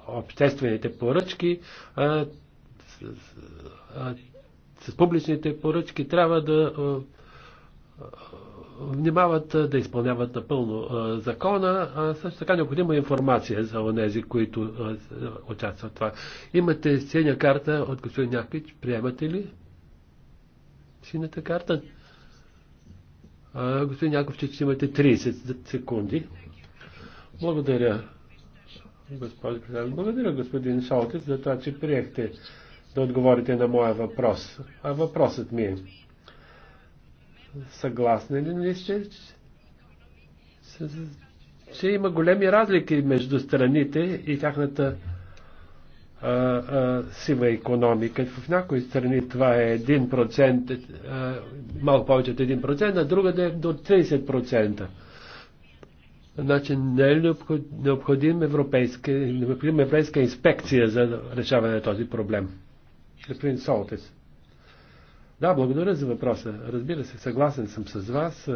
обществените поръчки, с, с публичните поръчки трябва да внимават да изпълняват напълно а, закона, а също така необходима информация за онези, които а, участват в това. Имате синя карта от господин Някич, приемате ли синята карта? А, господин Яковчич, че имате 30 секунди. Благодаря, Благодаря, господин Шалтес, за това, че приехте да отговорите на моя въпрос. А въпросът ми е, съгласни ли сте, че, че има големи разлики между страните и тяхната а, а, сива економика. В някои страни това е 1%, а, малко повече от 1%, а другата е до 30%. Значи не е необходим европейска, необходим европейска инспекция за решаване на този проблем. Господин Солтес. Да, благодаря за въпроса. Разбира се, съгласен съм с вас.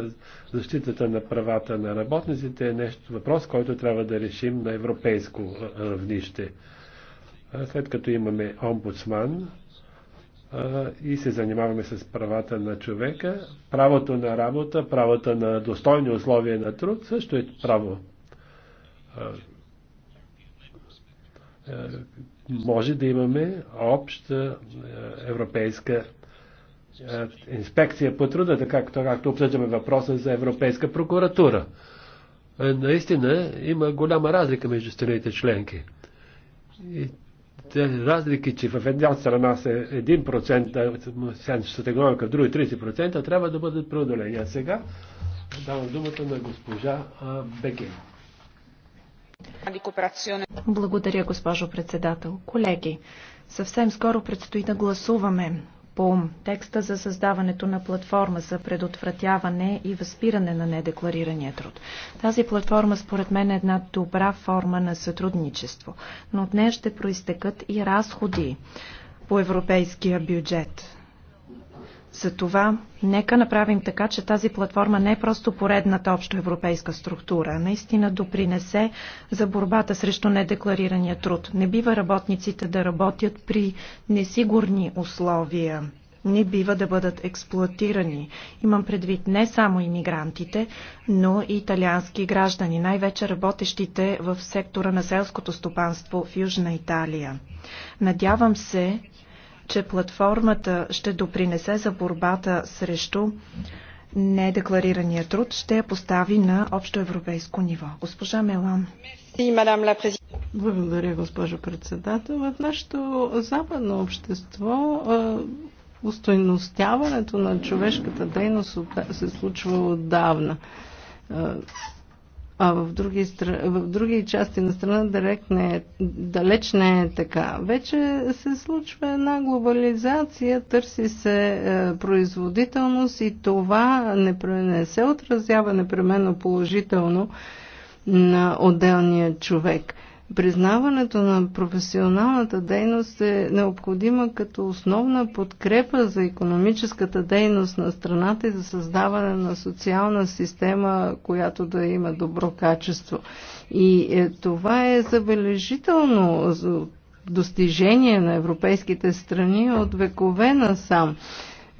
Защитата на правата на работниците е нещо, въпрос, който трябва да решим на европейско равнище. След като имаме омбудсман и се занимаваме с правата на човека, правото на работа, правото на достойни условия на труд също е право може да имаме обща е, европейска е, инспекция по труда, така както, както обсъждаме въпроса за Европейска прокуратура. Е, наистина има голяма разлика между страните членки. И те разлики, че в една страна са 1% сенчестата економика, в други 30%, трябва да бъдат преодолени. А сега давам думата на госпожа Бекин. Благодаря, госпожо председател. Колеги, съвсем скоро предстои да гласуваме по текста за създаването на платформа за предотвратяване и възпиране на недекларирания труд. Тази платформа според мен е една добра форма на сътрудничество, но от нея ще проистекат и разходи по европейския бюджет. Затова нека направим така, че тази платформа не е просто поредната европейска структура, наистина допринесе за борбата срещу недекларирания труд. Не бива работниците да работят при несигурни условия, не бива да бъдат експлуатирани. Имам предвид не само иммигрантите, но и италиански граждани, най-вече работещите в сектора на селското стопанство в Южна Италия. Надявам се, че платформата ще допринесе за борбата срещу недекларирания труд, ще я постави на общо европейско ниво. Госпожа Мелан. Благодаря, госпожо председател. В нашето западно общество устойностяването на човешката дейност се случва отдавна а в други, в други части на страна далеч не, е, далеч не е така. Вече се случва една глобализация, търси се е, производителност и това не, не се отразява непременно положително на отделния човек – признаването на професионалната дейност е необходима като основна подкрепа за економическата дейност на страната и за създаване на социална система, която да има добро качество. И е, това е забележително достижение на европейските страни от векове насам. сам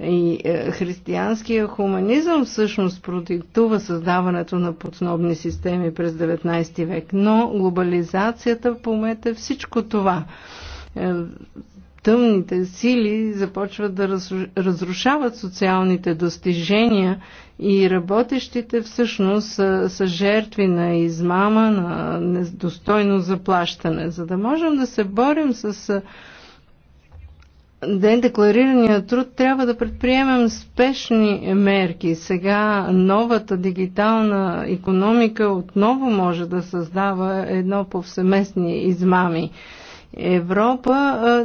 и е, християнския хуманизъм всъщност продиктува създаването на подсобни системи през 19 век, но глобализацията помете всичко това. Е, тъмните сили започват да разрушават социалните достижения и работещите всъщност са, са жертви на измама, на недостойно заплащане. За да можем да се борим с е, Ден декларирания труд трябва да предприемем спешни мерки. Сега новата дигитална економика отново може да създава едно повсеместни измами. Европа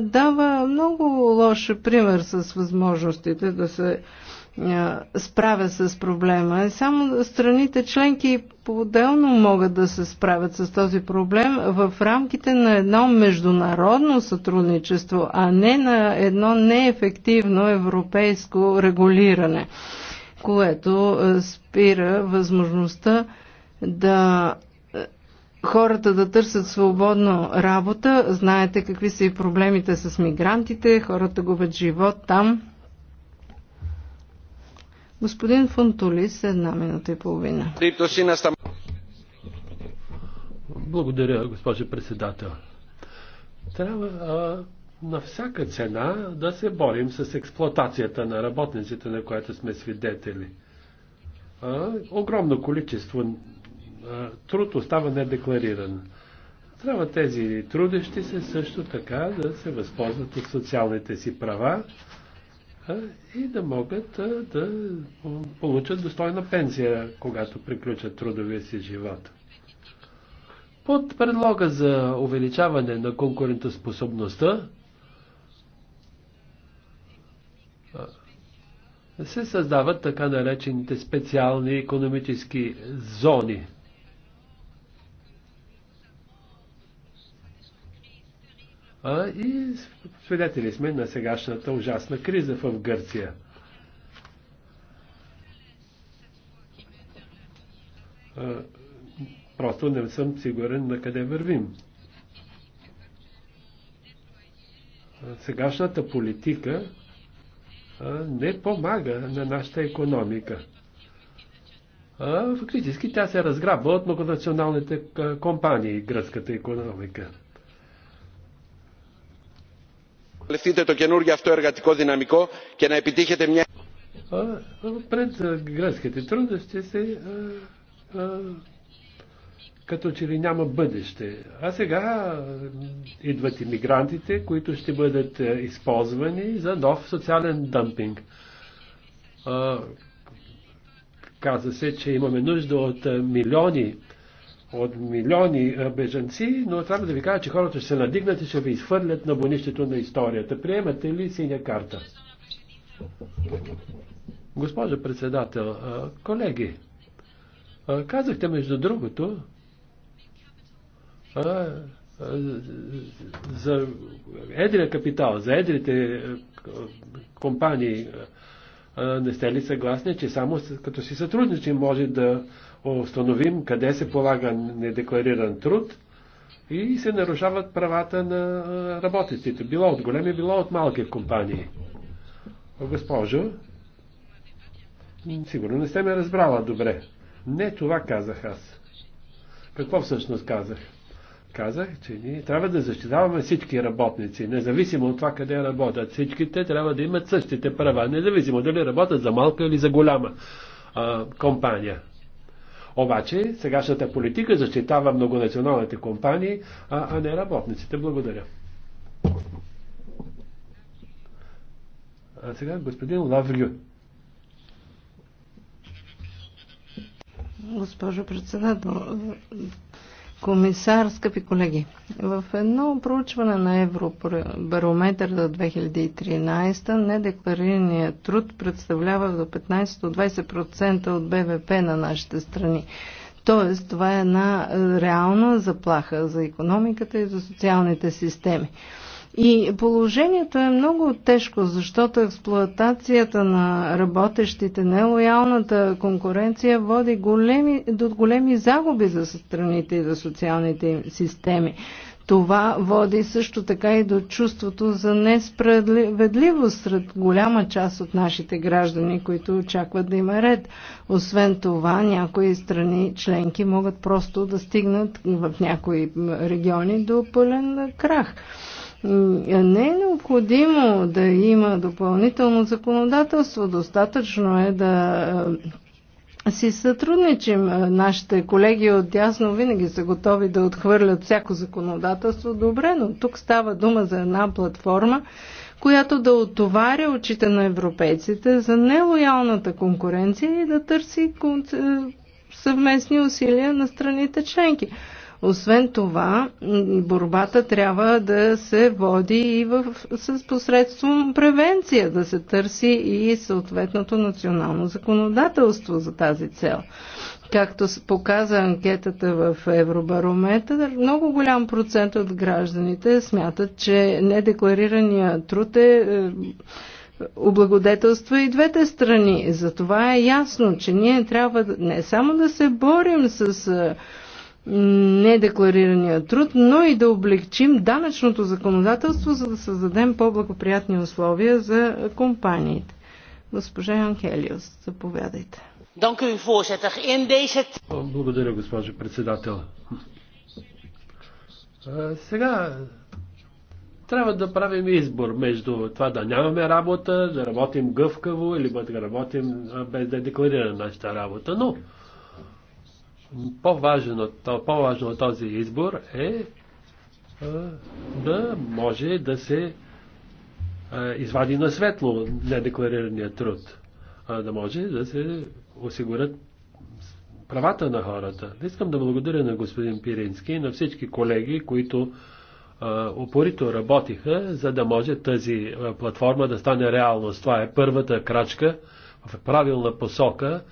дава много лош пример с възможностите да се справя с проблема. Само страните членки по-отделно могат да се справят с този проблем в рамките на едно международно сътрудничество, а не на едно неефективно европейско регулиране, което спира възможността да хората да търсят свободно работа. Знаете какви са и проблемите с мигрантите, хората губят живот там. Господин Фунтулис, една минута и половина. Благодаря, госпожо председател. Трябва а, на всяка цена да се борим с експлоатацията на работниците, на която сме свидетели. А, огромно количество а, труд остава недеклариран. Трябва тези трудещи се също така да се възползват от социалните си права и да могат да получат достойна пенсия, когато приключат трудовия си живот. Под предлога за увеличаване на конкурентоспособността се създават така наречените специални економически зони – А, и свидетели сме на сегашната ужасна криза в Гърция. А, просто не съм сигурен на къде вървим. Сегашната политика не помага на нашата економика. Фактически тя се разграбва от многонационалните компании, гръцката економика. Лефтите το καινούργιο αυτό εργατικό δυναμικό και να επιτύχετε μια... Пред гръцките трудности се а, а, като че ли няма бъдеще. А сега идват иммигрантите, които ще бъдат е, използвани за нов социален дъмпинг. каза се, че имаме нужда от е, милиони от милиони бежанци, но трябва да ви кажа, че хората ще се надигнат и ще ви изхвърлят на бонището на историята. Приемате ли синя карта? Госпожа председател, колеги, казахте между другото за едрия капитал, за едрите компании, не сте ли съгласни, че само като си сътрудничи може да установим къде се полага недеклариран труд и се нарушават правата на работниците, било от големи, било от малки компании. Госпожо, сигурно не сте ме разбрала добре. Не това казах аз. Какво всъщност казах? Казах, че ние трябва да защитаваме всички работници, независимо от това къде работят. Всичките трябва да имат същите права, независимо дали работят за малка или за голяма а, компания. Обаче сегашната политика защитава многонационалните компании, а, а не работниците. Благодаря. А сега господин Лаврю. Госпожо председател, комисар, скъпи колеги, в едно проучване на Евробарометър за 2013 недекларираният труд представлява до 15-20% от БВП на нашите страни. Тоест, това е една е, реална заплаха за економиката и за социалните системи. И положението е много тежко, защото експлоатацията на работещите, нелоялната конкуренция води големи, до големи загуби за страните и за социалните системи. Това води също така и до чувството за несправедливост сред голяма част от нашите граждани, които очакват да има ред. Освен това, някои страни членки могат просто да стигнат в някои региони до пълен крах. Не е необходимо да има допълнително законодателство. Достатъчно е да е, си сътрудничим. Нашите колеги от дясно винаги са готови да отхвърлят всяко законодателство. Добре, но тук става дума за една платформа, която да отоваря очите на европейците за нелоялната конкуренция и да търси е, съвместни усилия на страните членки. Освен това, борбата трябва да се води и в, с посредством превенция, да се търси и съответното национално законодателство за тази цел. Както показа анкетата в Евробарометър, много голям процент от гражданите смятат, че недекларирания труд е, е облагодетелства и двете страни. Затова е ясно, че ние трябва не само да се борим с е, недекларирания труд, но и да облегчим данъчното законодателство, за да създадем по-благоприятни условия за компаниите. Госпожа Анкелиус, заповядайте. Благодаря, госпожо председател. Сега трябва да правим избор между това да нямаме работа, да работим гъвкаво или да работим без да декларираме нашата работа. Но по-важно от, по от този избор е, е да може да се е, извади на светло недекларирания труд, да може да се осигурят правата на хората. Искам да благодаря на господин Пирински и на всички колеги, които е, упорито работиха, за да може тази платформа да стане реалност. Това е първата крачка в правилна посока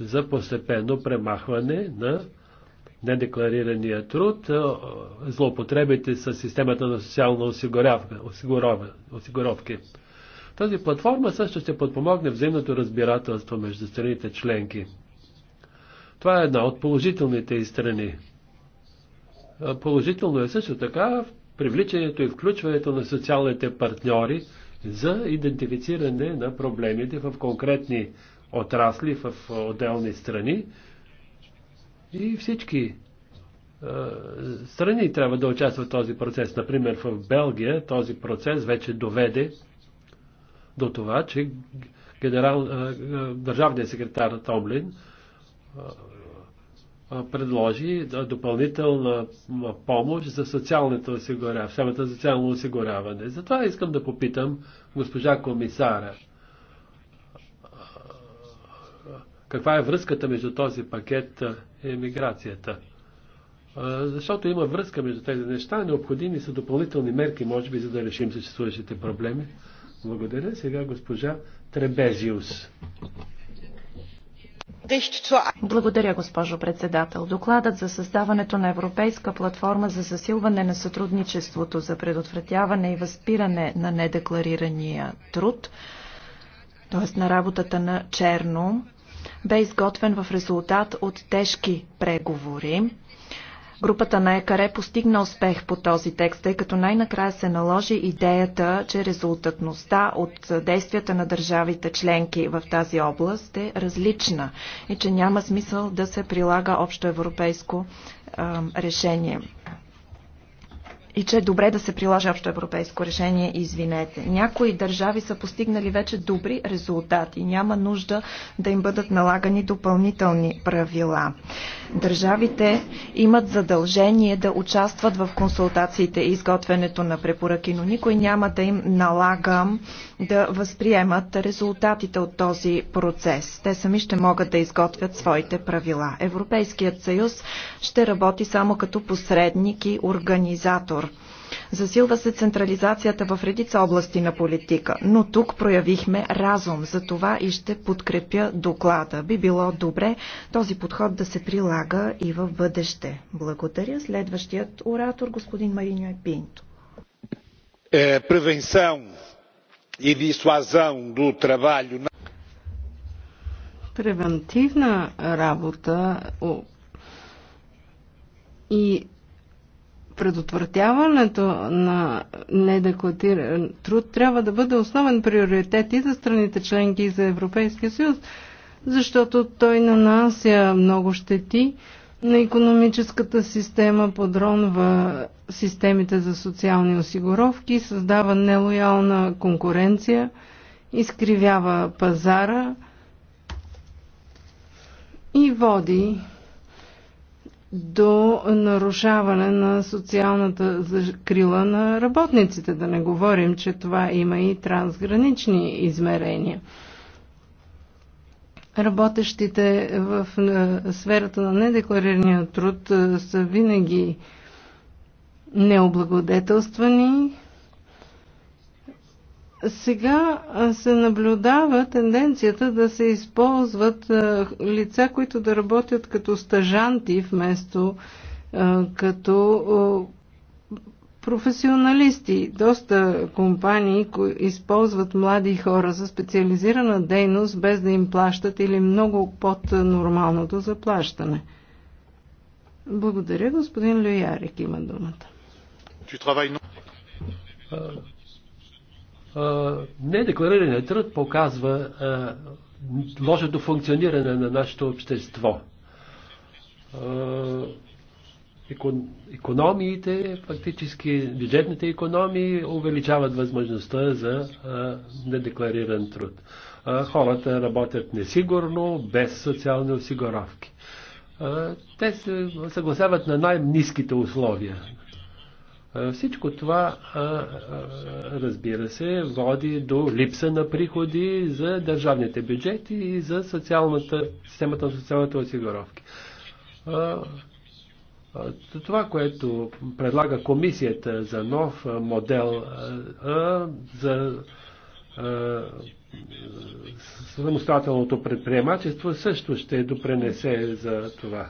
за постепенно премахване на недекларирания труд, е, злоупотребите с системата на социално осигуровки. Тази платформа също ще подпомогне взаимното разбирателство между страните членки. Това е една от положителните и страни. Е, положително е също така привличането и включването на социалните партньори за идентифициране на проблемите в конкретни отрасли в отделни страни и всички страни трябва да участват в този процес. Например, в Белгия този процес вече доведе до това, че генерал, държавният секретар Томлин предложи допълнителна помощ за социалното осигуряване, за социално осигуряване. Затова искам да попитам госпожа комисара – каква е връзката между този пакет и Защото има връзка между тези неща, необходими са допълнителни мерки, може би, за да решим съществуващите проблеми. Благодаря. Сега госпожа Требезиус. Благодаря, госпожо председател. Докладът за създаването на Европейска платформа за засилване на сътрудничеството за предотвратяване и възпиране на недекларирания труд, т.е. на работата на черно, бе изготвен в резултат от тежки преговори. Групата на ЕКАРЕ постигна успех по този текст, тъй като най-накрая се наложи идеята, че резултатността от действията на държавите членки в тази област е различна и че няма смисъл да се прилага общо европейско е, решение и че е добре да се прилага общо европейско решение, извинете. Някои държави са постигнали вече добри резултати. Няма нужда да им бъдат налагани допълнителни правила. Държавите имат задължение да участват в консултациите и изготвянето на препоръки, но никой няма да им налага да възприемат резултатите от този процес. Те сами ще могат да изготвят своите правила. Европейският съюз ще работи само като посредник и организатор сектор. Засилва се централизацията в редица области на политика, но тук проявихме разум. За това и ще подкрепя доклада. Би било добре този подход да се прилага и в бъдеще. Благодаря. Следващият оратор, господин Мариньо Епинто. Е, превенção и дисуазão до на... превентивна работа и предотвратяването на недеклатиран труд трябва да бъде основен приоритет и за страните членки и за Европейския съюз, защото той нанася много щети на економическата система, подронва системите за социални осигуровки, създава нелоялна конкуренция, изкривява пазара и води до нарушаване на социалната закрила на работниците. Да не говорим, че това има и трансгранични измерения. Работещите в е, сферата на недекларирания труд е, са винаги необлагодетелствани, сега се наблюдава тенденцията да се използват лица, които да работят като стажанти вместо като професионалисти. Доста компании използват млади хора за специализирана дейност без да им плащат или много под нормалното заплащане. Благодаря, господин Люярик има думата недекларираният труд показва лошото функциониране на нашето общество. Економиите, фактически бюджетните економии увеличават възможността за недеклариран труд. Хората работят несигурно, без социални осигуровки. Те се съгласяват на най-низките условия всичко това, разбира се, води до липса на приходи за държавните бюджети и за социалната, системата на социалните осигуровки. Това, което предлага комисията за нов модел за самостоятелното предприемачество, също ще допренесе за това.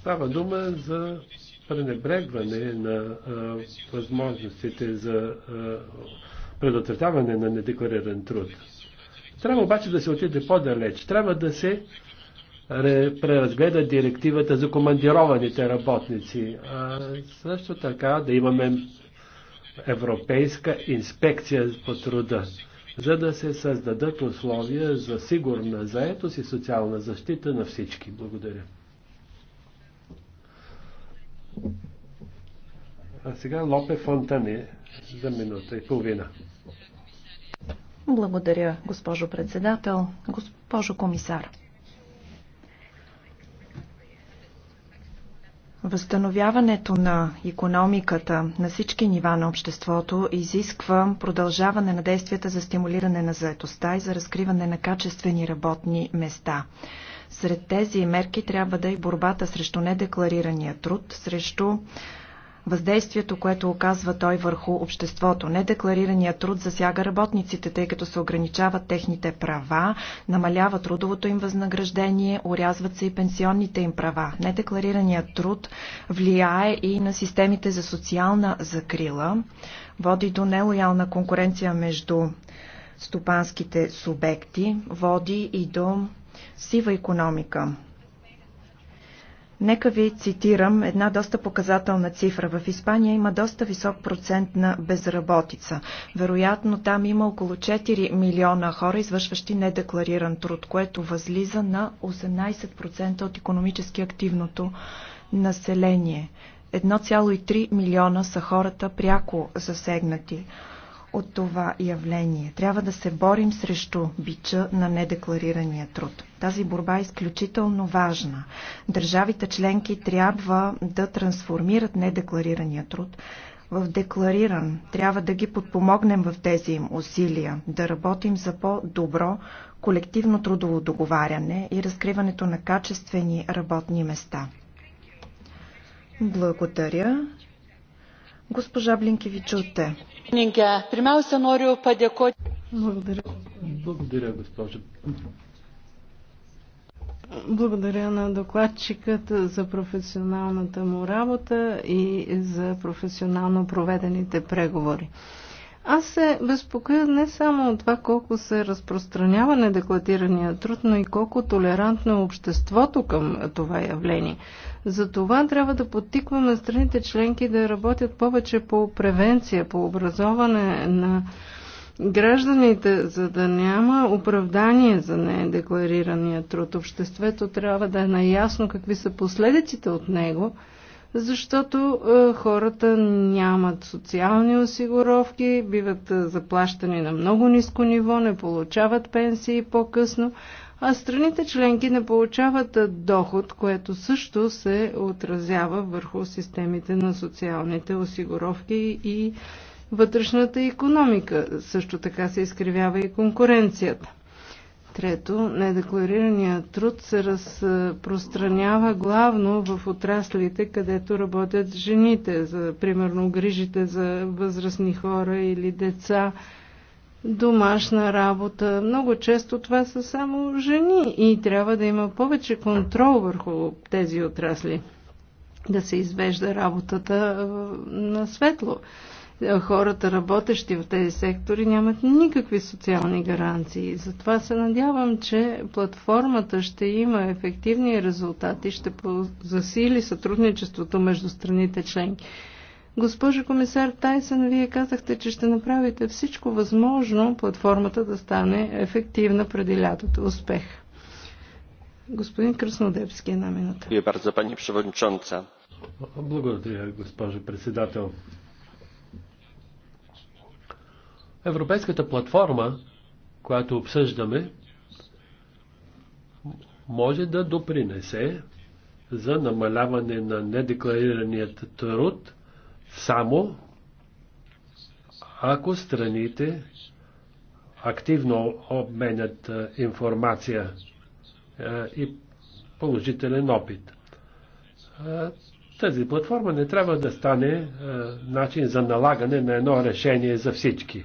Става дума за пренебрегване на а, възможностите за а, предотвратяване на недеклариран труд. Трябва обаче да се отиде по-далеч. Трябва да се преразгледа директивата за командированите работници. А, също така да имаме Европейска инспекция по труда, за да се създадат условия за сигурна заетост и социална защита на всички. Благодаря. А сега Лопе Фонтане за минута и половина. Благодаря, госпожо председател, госпожо комисар. Възстановяването на економиката на всички нива на обществото изисква продължаване на действията за стимулиране на заетостта и за разкриване на качествени работни места. Сред тези мерки трябва да е борбата срещу недекларирания труд, срещу въздействието, което оказва той върху обществото. Недекларираният труд засяга работниците, тъй като се ограничават техните права, намалява трудовото им възнаграждение, урязват се и пенсионните им права. Недекларираният труд влияе и на системите за социална закрила, води до нелоялна конкуренция между стопанските субекти, води и до сива економика. Нека ви цитирам една доста показателна цифра. В Испания има доста висок процент на безработица. Вероятно там има около 4 милиона хора, извършващи недеклариран труд, което възлиза на 18% от економически активното население. 1,3 милиона са хората пряко засегнати от това явление. Трябва да се борим срещу бича на недекларирания труд. Тази борба е изключително важна. Държавите членки трябва да трансформират недекларирания труд в деклариран. Трябва да ги подпомогнем в тези им усилия, да работим за по-добро колективно трудово договаряне и разкриването на качествени работни места. Благодаря. Госпожа Блинкевичуте. Благодаря. Благодаря, госпожа. Благодаря на докладчикът за професионалната му работа и за професионално проведените преговори. Аз се безпокоя не само от това колко се разпространява недекларирания труд, но и колко толерантно е обществото към това явление. За това трябва да подтикваме страните членки да работят повече по превенция, по образоване на гражданите, за да няма оправдание за недекларирания труд. Обществото трябва да е наясно какви са последиците от него, защото е, хората нямат социални осигуровки, биват е, заплащани на много ниско ниво, не получават пенсии по-късно, а страните членки не получават доход, което също се отразява върху системите на социалните осигуровки и вътрешната економика. Също така се изкривява и конкуренцията. Трето, недекларираният труд се разпространява главно в отраслите, където работят жените, за примерно грижите за възрастни хора или деца, домашна работа. Много често това са само жени и трябва да има повече контрол върху тези отрасли. Да се извежда работата на светло. Хората, работещи в тези сектори, нямат никакви социални гаранции. Затова се надявам, че платформата ще има ефективни резултати, ще засили сътрудничеството между страните членки. Госпожо комисар Тайсън, вие казахте, че ще направите всичко възможно платформата да стане ефективна преди лятото. Успех! Господин Краснодепски, една минута. Благодаря, госпожо председател. Европейската платформа, която обсъждаме, може да допринесе за намаляване на недекларираният труд само ако страните активно обменят информация и положителен опит. Тази платформа не трябва да стане начин за налагане на едно решение за всички.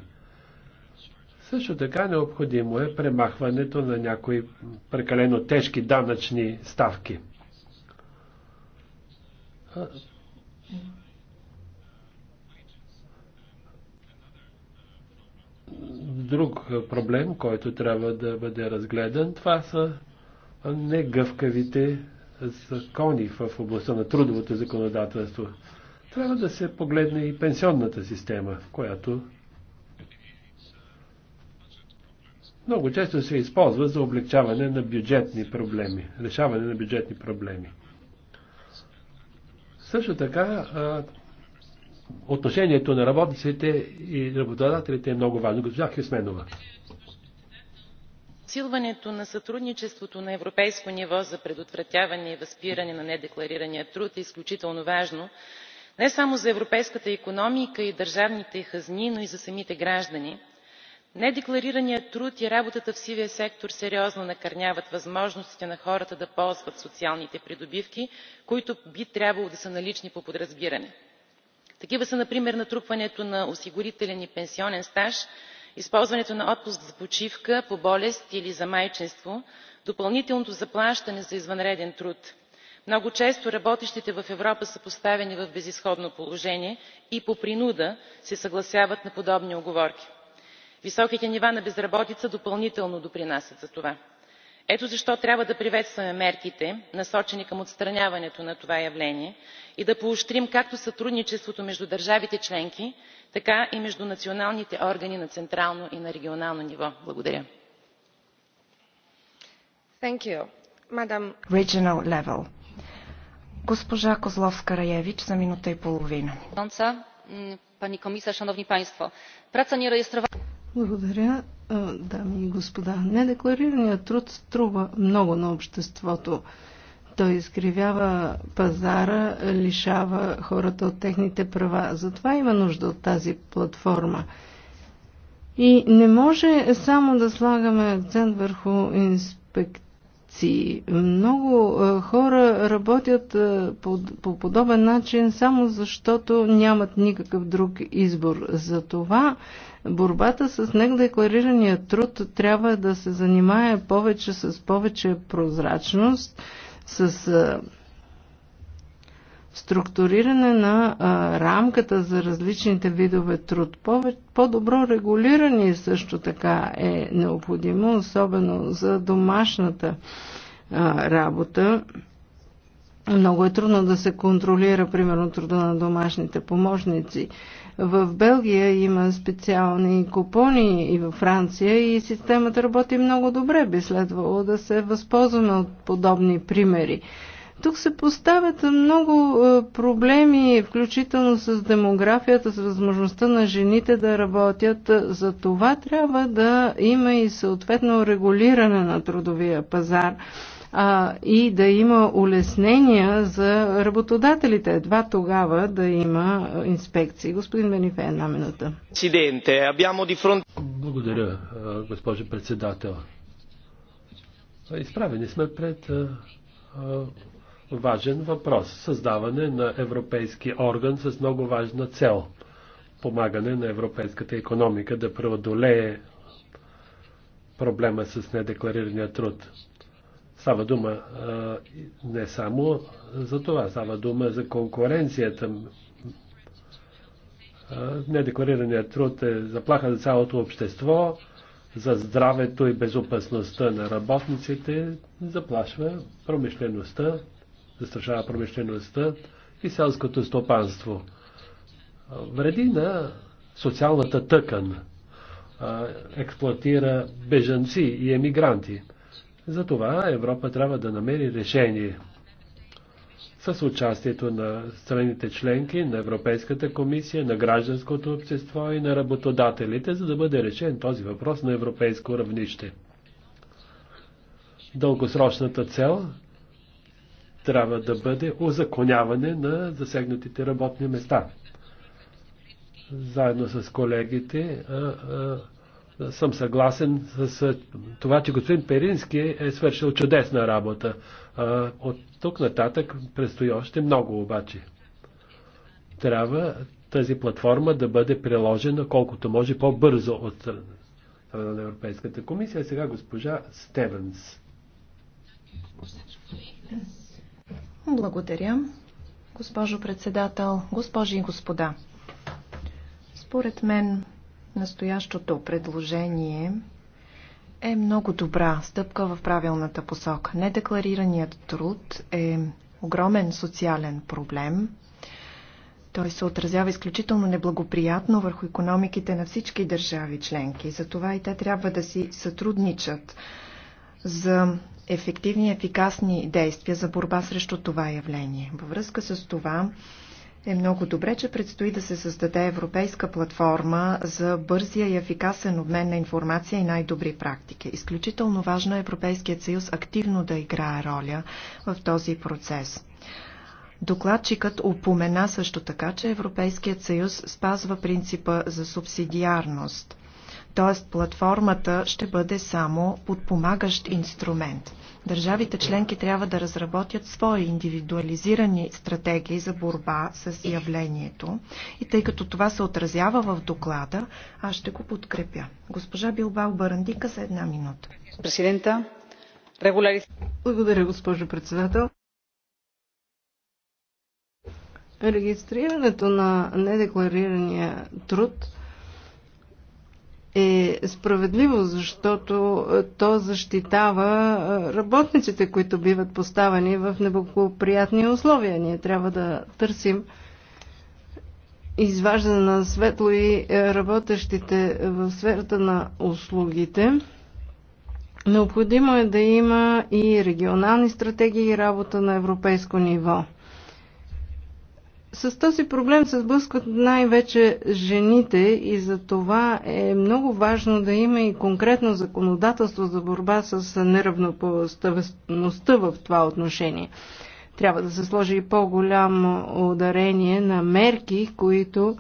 Също така необходимо е премахването на някои прекалено тежки данъчни ставки. друг проблем, който трябва да бъде разгледан, това са негъвкавите закони в областта на трудовото законодателство. Трябва да се погледне и пенсионната система, която много често се използва за облегчаване на бюджетни проблеми, решаване на бюджетни проблеми. Също така отношението на работниците и работодателите е много важно. Госпожа Хесменова. Силването на сътрудничеството на европейско ниво за предотвратяване и възпиране на недекларирания труд е изключително важно не само за европейската економика и държавните хазни, но и за самите граждани. Недекларираният труд и работата в сивия сектор сериозно накърняват възможностите на хората да ползват социалните придобивки, които би трябвало да са налични по подразбиране такива са например натрупването на осигурителен и пенсионен стаж използването на отпуск за почивка по болест или за майчинство допълнителното заплащане за извънреден труд. много често работещите в европа са поставени в безизходно положение и по принуда се съгласяват на подобни уговорки. високите нива на безработица допълнително допринасят за това ето защо трябва да приветстваме мерките насочени към отстраняването на това явление и да поощрим както сътрудничеството между държавите членки така и между националните органи на централно и на регионално ниво. благодаря. госпожа козловска раевич за минута и половина. Благодаря дами и господа. Недекларираният труд струва много на обществото. Той изкривява пазара, лишава хората от техните права. Затова има нужда от тази платформа. И не може само да слагаме акцент върху инспект акции. Много е, хора работят е, по подобен начин само защото нямат никакъв друг избор. Затова борбата с недекларирания труд трябва да се занимае повече с повече прозрачност, с е, структуриране на а, рамката за различните видове труд. По-добро по регулиране също така е необходимо, особено за домашната а, работа. Много е трудно да се контролира, примерно, труда на домашните помощници. В Белгия има специални купони и във Франция и системата работи много добре. Би следвало да се възползваме от подобни примери. Тук се поставят много е, проблеми, включително с демографията, с възможността на жените да работят. Е, за това трябва да има и съответно регулиране на трудовия пазар а, и да има улеснения за работодателите. Едва тогава да има е, инспекции. Господин Менифе, една минута. Благодаря, госпожо председател. Изправени сме пред важен въпрос. Създаване на европейски орган с много важна цел. Помагане на европейската економика да преодолее проблема с недекларирания труд. Става дума а, не само за това, става дума за конкуренцията. А, недекларираният труд е заплаха за цялото общество, за здравето и безопасността на работниците, заплашва промишлеността, застрашава промишлеността и селското стопанство. Вреди на социалната тъкан, експлуатира бежанци и емигранти. Затова Европа трябва да намери решение с участието на страните членки, на Европейската комисия, на гражданското общество и на работодателите, за да бъде решен този въпрос на европейско равнище. Дългосрочната цел трябва да бъде озаконяване на засегнатите работни места. Заедно с колегите а, а, съм съгласен с с това, че господин Перински е свършил чудесна работа. А, от тук нататък предстои още много обаче. Трябва тази платформа да бъде приложена колкото може по-бързо от страна на Европейската комисия. Сега госпожа Стевенс. Yes. Благодаря. Госпожо председател, госпожи и господа, според мен настоящото предложение е много добра стъпка в правилната посока. Недекларираният труд е огромен социален проблем. Той се отразява изключително неблагоприятно върху економиките на всички държави членки. Затова и те трябва да си сътрудничат за ефективни и ефикасни действия за борба срещу това явление. Във връзка с това е много добре, че предстои да се създаде европейска платформа за бързия и ефикасен обмен на информация и най-добри практики. Изключително важно е Европейският съюз активно да играе роля в този процес. Докладчикът упомена също така, че Европейският съюз спазва принципа за субсидиарност. Т.е. платформата ще бъде само подпомагащ инструмент. Държавите членки трябва да разработят свои индивидуализирани стратегии за борба с явлението. И тъй като това се отразява в доклада, аз ще го подкрепя. Госпожа Билбао Барандика за една минута. Президента, регуляри... Благодаря, госпожо председател. Регистрирането на недекларирания труд – е справедливо, защото е, то защитава е, работниците, които биват поставени в неблагоприятни условия. Ние трябва да търсим изваждане на светло и е, работещите в сферата на услугите. Необходимо е да има и регионални стратегии и работа на европейско ниво. С този проблем се сблъскват най-вече жените и за това е много важно да има и конкретно законодателство за борба с неравнопоставеността в това отношение. Трябва да се сложи и по-голямо ударение на мерки, които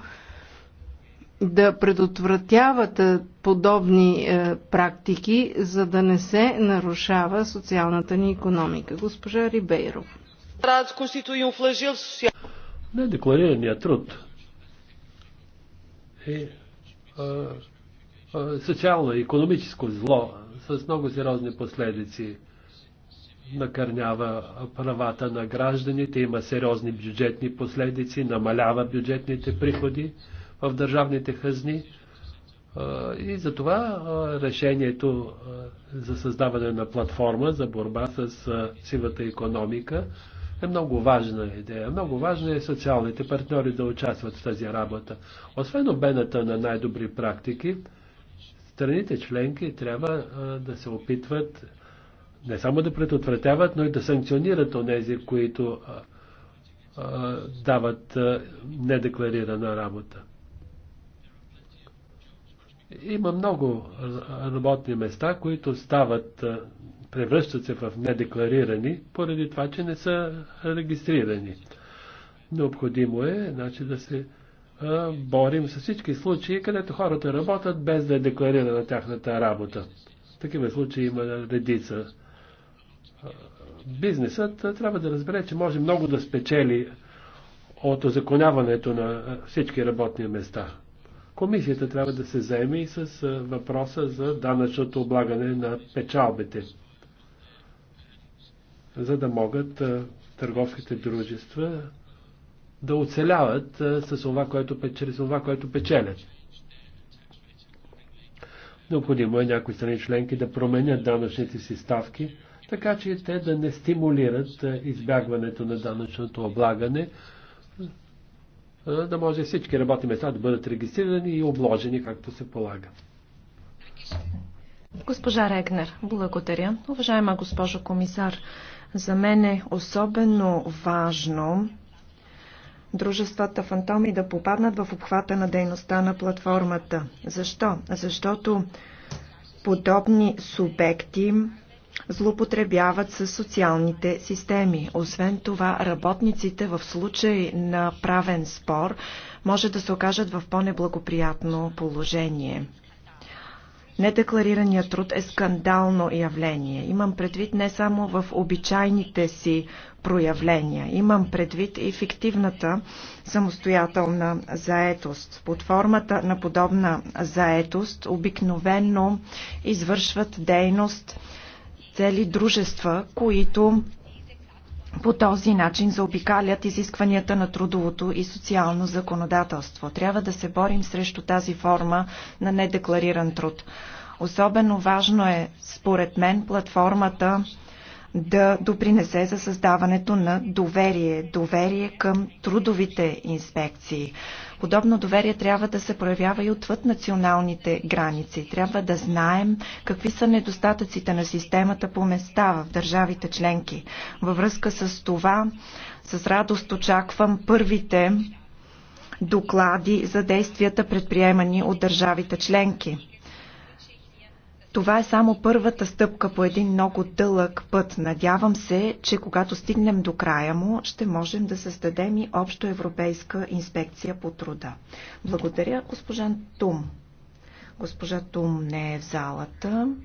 да предотвратяват е, подобни е, практики, за да не се нарушава социалната ни економика. Госпожа Рибейро на декларирания труд е социално и економическо зло с много сериозни последици. Накърнява правата на гражданите, има сериозни бюджетни последици, намалява бюджетните приходи в държавните хазни. И затова решението за създаване на платформа за борба с сивата економика е много важна идея. Много важно е социалните партньори да участват в тази работа. Освен обената на най-добри практики, страните членки трябва а, да се опитват не само да предотвратяват, но и да санкционират онези, които а, а, дават а, недекларирана работа. Има много работни места, които стават превръщат се в недекларирани, поради това, че не са регистрирани. Необходимо е значи, да се а, борим с всички случаи, където хората работят без да е декларирана тяхната работа. В Такива случаи има редица. Бизнесът трябва да разбере, че може много да спечели от озаконяването на всички работни места. Комисията трябва да се заеме и с въпроса за данъчното облагане на печалбите за да могат търговските дружества да оцеляват с това, което, чрез това, което печелят. Необходимо е някои страни членки да променят данъчните си ставки, така че те да не стимулират избягването на данъчното облагане, да може всички работни места да бъдат регистрирани и обложени както се полага. Госпожа Регнер, благодаря. Уважаема госпожо комисар, за мен е особено важно дружествата фантоми да попаднат в обхвата на дейността на платформата. Защо? Защото подобни субекти злоупотребяват с социалните системи. Освен това, работниците в случай на правен спор може да се окажат в по-неблагоприятно положение. Недекларираният труд е скандално явление. Имам предвид не само в обичайните си проявления. Имам предвид и фиктивната самостоятелна заетост. Под формата на подобна заетост обикновенно извършват дейност цели дружества, които по този начин заобикалят изискванията на трудовото и социално законодателство. Трябва да се борим срещу тази форма на недеклариран труд. Особено важно е, според мен, платформата да допринесе за създаването на доверие. Доверие към трудовите инспекции. Подобно доверие трябва да се проявява и отвъд националните граници. Трябва да знаем какви са недостатъците на системата по места в държавите членки. Във връзка с това, с радост очаквам първите доклади за действията предприемани от държавите членки. Това е само първата стъпка по един много дълъг път. Надявам се, че когато стигнем до края му, ще можем да създадем и общо европейска инспекция по труда. Благодаря, госпожа Тум. Госпожа Тум не е в залата.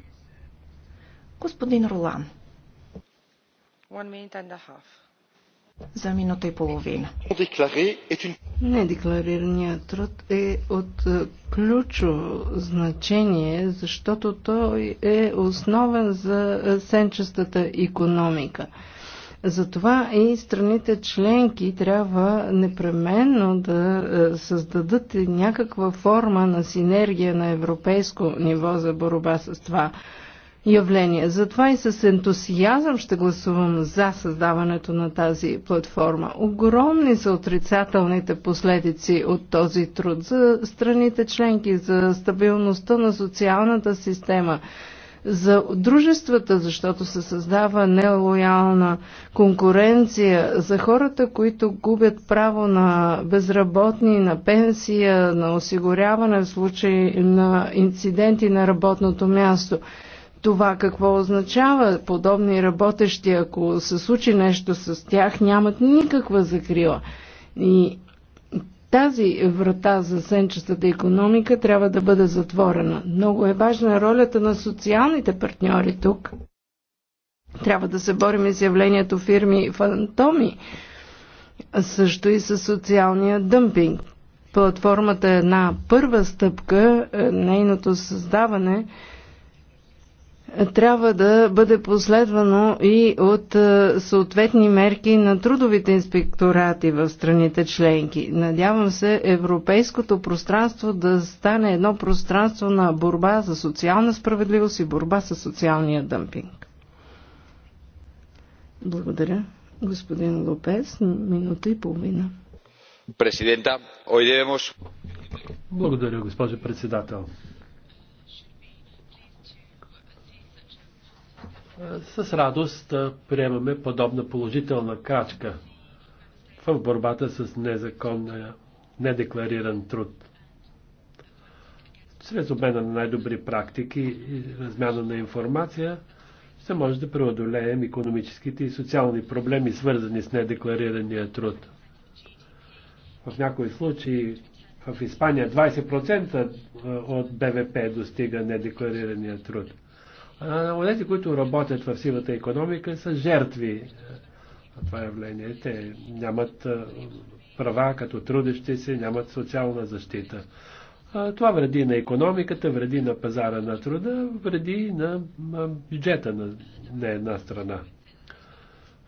Господин Ролан. One minute and a half за минута и половина. Е Недекларираният труд е от е, ключово значение, защото той е основен за е, сенчестата економика. Затова и страните членки трябва непременно да създадат някаква форма на синергия на европейско ниво за борба с това явление. Затова и с ентусиазъм ще гласувам за създаването на тази платформа. Огромни са отрицателните последици от този труд за страните членки, за стабилността на социалната система, за дружествата, защото се създава нелоялна конкуренция, за хората, които губят право на безработни, на пенсия, на осигуряване в случай на инциденти на работното място – това какво означава подобни работещи, ако се случи нещо с тях, нямат никаква закрила. И тази врата за сенчестата економика трябва да бъде затворена. Много е важна ролята на социалните партньори тук. Трябва да се борим и с явлението фирми фантоми, също и с социалния дъмпинг. Платформата е една първа стъпка, е, нейното създаване – трябва да бъде последвано и от е, съответни мерки на трудовите инспекторати в страните членки. Надявам се европейското пространство да стане едно пространство на борба за социална справедливост и борба с социалния дъмпинг. Благодаря. Господин Лопес, минута и половина. Президента, ойдемос. Благодаря, госпожо председател. Е, с радост е, приемаме подобна положителна крачка в борбата с незаконния, недеклариран труд. Чрез обмена на най-добри практики и размяна на информация ще може да преодолеем економическите и социални проблеми, свързани с недекларирания труд. В някои случаи в Испания 20% е, от БВП достига недекларирания труд – Онези, които работят в сивата економика, са жертви на това явление. Те нямат права като трудещи се, нямат социална защита. Това вреди на економиката, вреди на пазара на труда, вреди на бюджета на, една страна.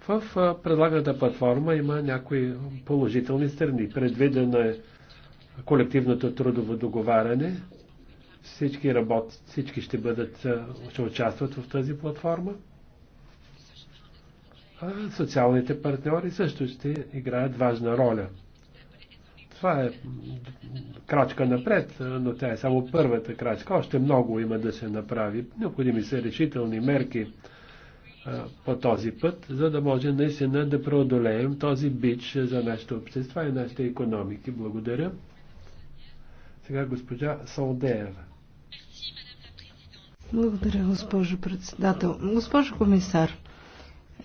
В предлаганата платформа има някои положителни страни. Предвидено е колективното трудово договаряне, всички работят, всички ще бъдат, ще участват в тази платформа. А социалните партньори също ще играят важна роля. Това е крачка напред, но тя е само първата крачка. Още много има да се направи. Необходими са решителни мерки по този път, за да може наистина да преодолеем този бич за нашите общества и нашите економики. Благодаря. Сега госпожа Солдеева. Благодаря, госпожо председател. Госпожо комисар,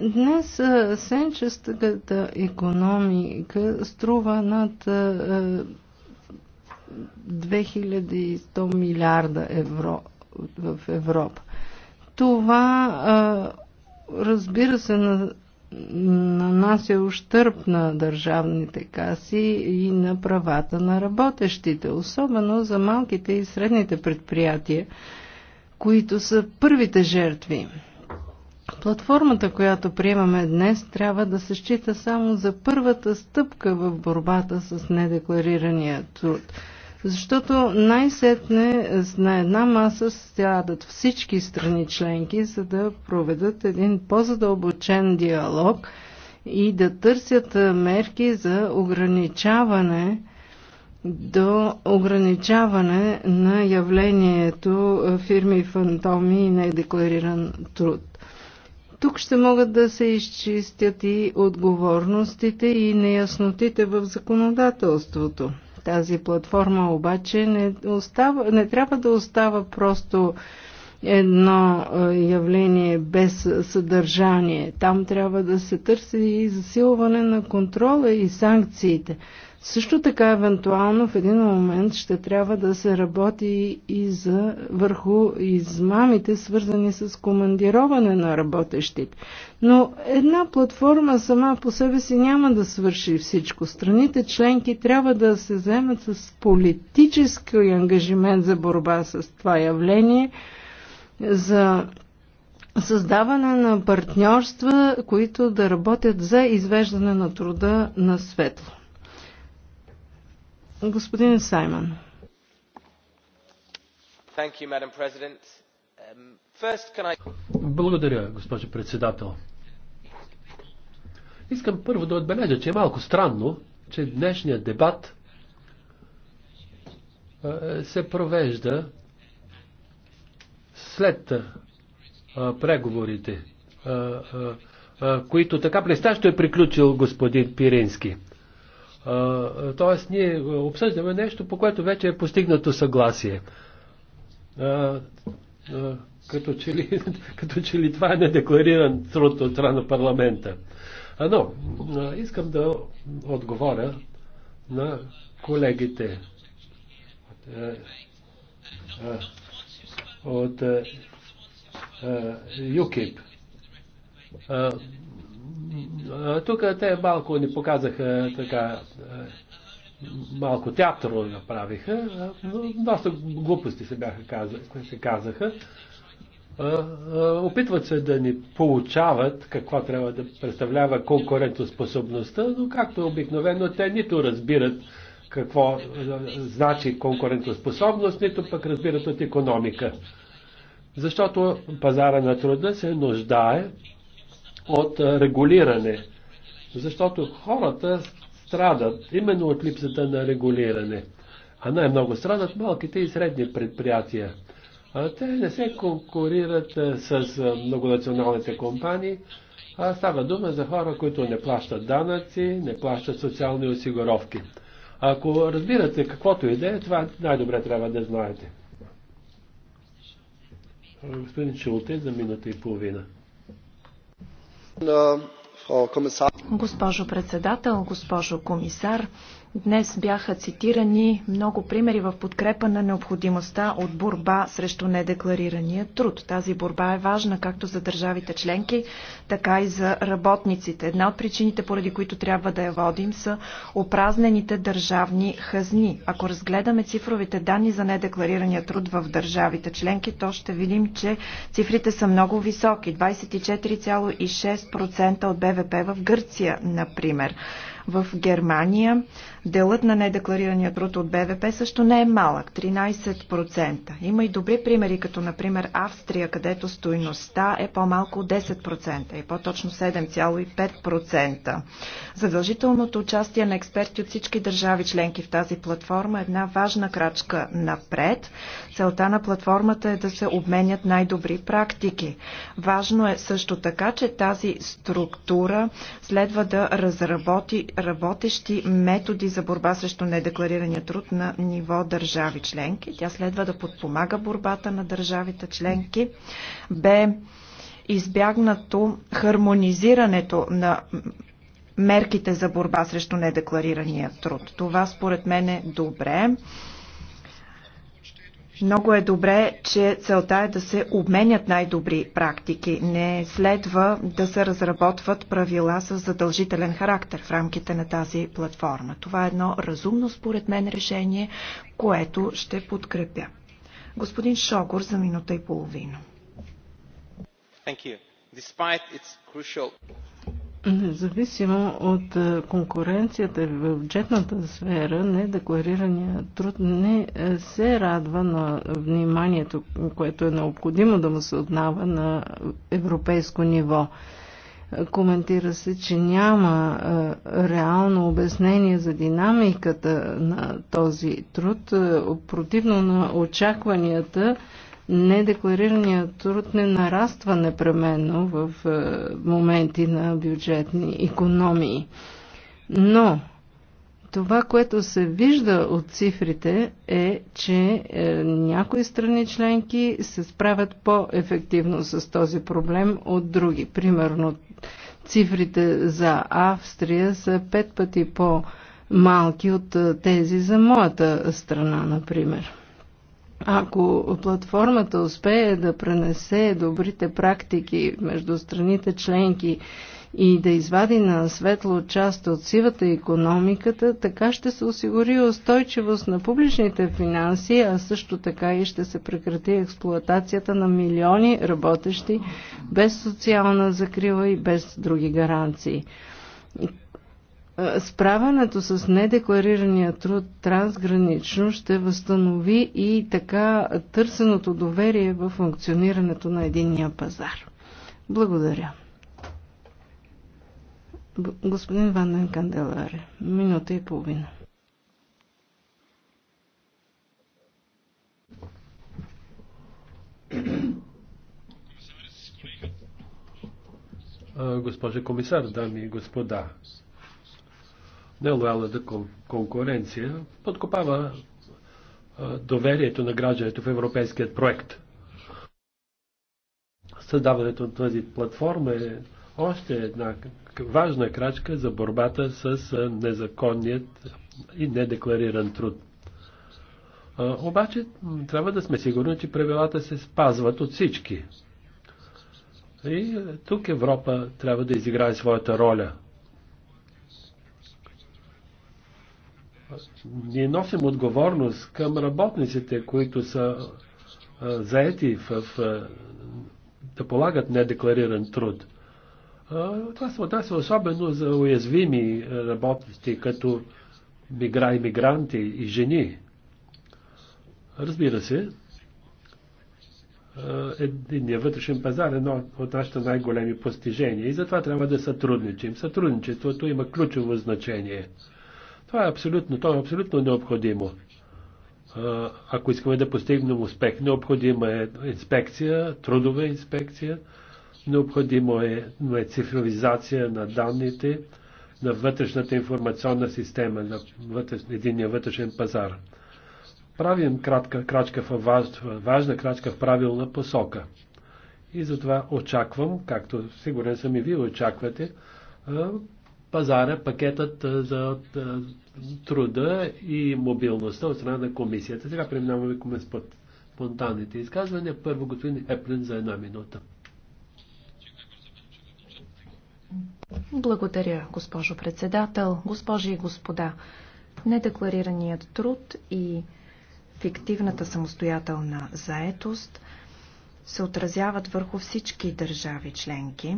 днес сенчестата економика струва над 2100 милиарда евро в Европа. Това, разбира се, на нанася е ущърп на държавните каси и на правата на работещите, особено за малките и средните предприятия, които са първите жертви. Платформата, която приемаме днес, трябва да се счита само за първата стъпка в борбата с недекларирания труд. Защото най-сетне на една маса сядат всички страни членки, за да проведат един по-задълбочен диалог и да търсят мерки за ограничаване до ограничаване на явлението е, фирми фантоми и недеклариран труд. Тук ще могат да се изчистят и отговорностите и неяснотите в законодателството. Тази платформа обаче не, остава, не трябва да остава просто едно е, явление без съдържание. Там трябва да се търси и засилване на контрола и санкциите. Също така, евентуално в един момент ще трябва да се работи и за върху измамите, свързани с командироване на работещите. Но една платформа сама по себе си няма да свърши всичко. Страните членки трябва да се вземат с политически ангажимент за борба с това явление, за създаване на партньорства, които да работят за извеждане на труда на светло. Господин Саймън. Um, Благодаря, госпожо председател. Искам първо да отбележа, че е малко странно, че днешният дебат е, се провежда след е, преговорите, е, които така блестящо е приключил господин Пирински. Тоест, ние обсъждаме нещо, по което вече е постигнато съгласие. Като че ли, като че ли това е недеклариран труд от страна на парламента. А, но, искам да отговоря на колегите от ЮКИП тук те малко ни показаха така, малко театро направиха, но доста глупости се, бяха казали, се казаха. Опитват се да ни получават какво трябва да представлява конкурентоспособността, но както е обикновено те нито разбират какво значи конкурентоспособност, нито пък разбират от економика. Защото пазара на труда се нуждае от регулиране. Защото хората страдат именно от липсата на регулиране. А най-много страдат малките и средни предприятия. Те не се конкурират с многонационалните компании, а става дума за хора, които не плащат данъци, не плащат социални осигуровки. Ако разбирате каквото и да е, това най-добре трябва да знаете. Господин Чулте, за минута и половина. Госпожо председател, госпожо комисар, Днес бяха цитирани много примери в подкрепа на необходимостта от борба срещу недекларирания труд. Тази борба е важна както за държавите членки, така и за работниците. Една от причините, поради които трябва да я водим, са опразнените държавни хазни. Ако разгледаме цифровите данни за недекларирания труд в държавите членки, то ще видим, че цифрите са много високи. 24,6% от БВП в Гърция, например. В Германия Делът на недекларирания труд от БВП също не е малък 13%. Има и добри примери, като например Австрия, където стоиността е по-малко от 10% и по-точно 7,5%. Задължителното участие на експерти от всички държави членки в тази платформа е една важна крачка напред. Целта на платформата е да се обменят най-добри практики. Важно е също така, че тази структура следва да разработи работещи методи за борба срещу недекларирания труд на ниво държави членки. Тя следва да подпомага борбата на държавите членки. Бе избягнато хармонизирането на мерките за борба срещу недекларирания труд. Това според мен е добре. Много е добре, че целта е да се обменят най-добри практики. Не следва да се разработват правила с задължителен характер в рамките на тази платформа. Това е едно разумно, според мен, решение, което ще подкрепя. Господин Шогор за минута и половина. Независимо от конкуренцията в бюджетната сфера, недекларирания труд не се радва на вниманието, което е необходимо да му се отнава на европейско ниво. Коментира се, че няма реално обяснение за динамиката на този труд, противно на очакванията недекларираният труд не нараства непременно в е, моменти на бюджетни економии. Но това, което се вижда от цифрите е, че е, някои страни членки се справят по-ефективно с този проблем от други. Примерно цифрите за Австрия са пет пъти по-малки от е, тези за моята страна, например. Ако платформата успее да пренесе добрите практики между страните членки и да извади на светло част от сивата економиката, така ще се осигури устойчивост на публичните финанси, а също така и ще се прекрати експлуатацията на милиони работещи без социална закрила и без други гаранции справянето с недекларирания труд трансгранично ще възстанови и така търсеното доверие в функционирането на единния пазар. Благодаря. Господин Ванден Канделаре, минута и половина. Госпожа комисар, дами и господа, нелоялната конкуренция подкопава доверието на гражданите в европейският проект. Създаването на тази платформа е още една важна крачка за борбата с незаконният и недеклариран труд. Обаче трябва да сме сигурни, че правилата се спазват от всички. И тук Европа трябва да изиграе своята роля – ние носим отговорност към работниците, които са а, заети в, а, да полагат недеклариран труд. А, това се отнася особено за уязвими работници, като мигра и мигранти и жени. Разбира се, Единият вътрешен пазар е едно от нашите най-големи постижения и затова трябва да сътрудничим. Сътрудничеството има ключово значение. Това е абсолютно, това е абсолютно необходимо. Ако искаме да постигнем успех, необходима е инспекция, трудова инспекция, необходимо е, е цифровизация на данните, на вътрешната информационна система, на вътреш, единния вътрешен пазар. Правим кратка крачка в важ, важна крачка в правилна посока. И затова очаквам, както сигурен съм и вие очаквате, пазара, пакетът за труда и мобилността от страна на комисията. Сега преминаваме към спонтанните изказвания. Първо господин Еплен за една минута. Благодаря, госпожо председател, госпожи и господа. Недекларираният труд и фиктивната самостоятелна заетост се отразяват върху всички държави членки.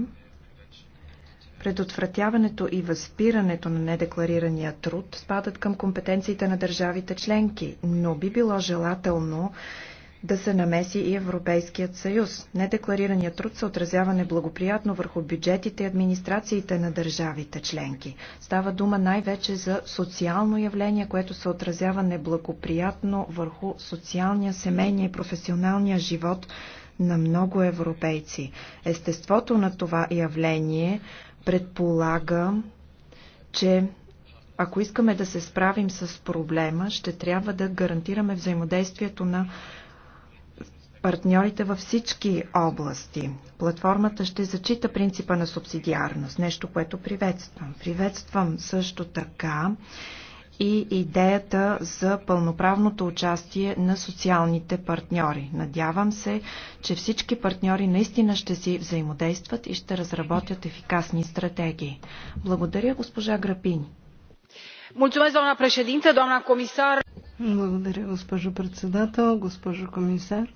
Предотвратяването и възпирането на недекларирания труд спадат към компетенциите на държавите членки, но би било желателно да се намеси и Европейският съюз. Недекларираният труд се отразява неблагоприятно върху бюджетите и администрациите на държавите членки. Става дума най-вече за социално явление, което се отразява неблагоприятно върху социалния, семейния и професионалния живот на много европейци. Естеството на това явление предполага, че ако искаме да се справим с проблема, ще трябва да гарантираме взаимодействието на партньорите във всички области. Платформата ще зачита принципа на субсидиарност, нещо, което приветствам. Приветствам също така и идеята за пълноправното участие на социалните партньори. Надявам се, че всички партньори наистина ще си взаимодействат и ще разработят ефикасни стратегии. Благодаря, госпожа Грапини. doamna doamna comisar. Благодаря, госпожо председател, госпожо комисар.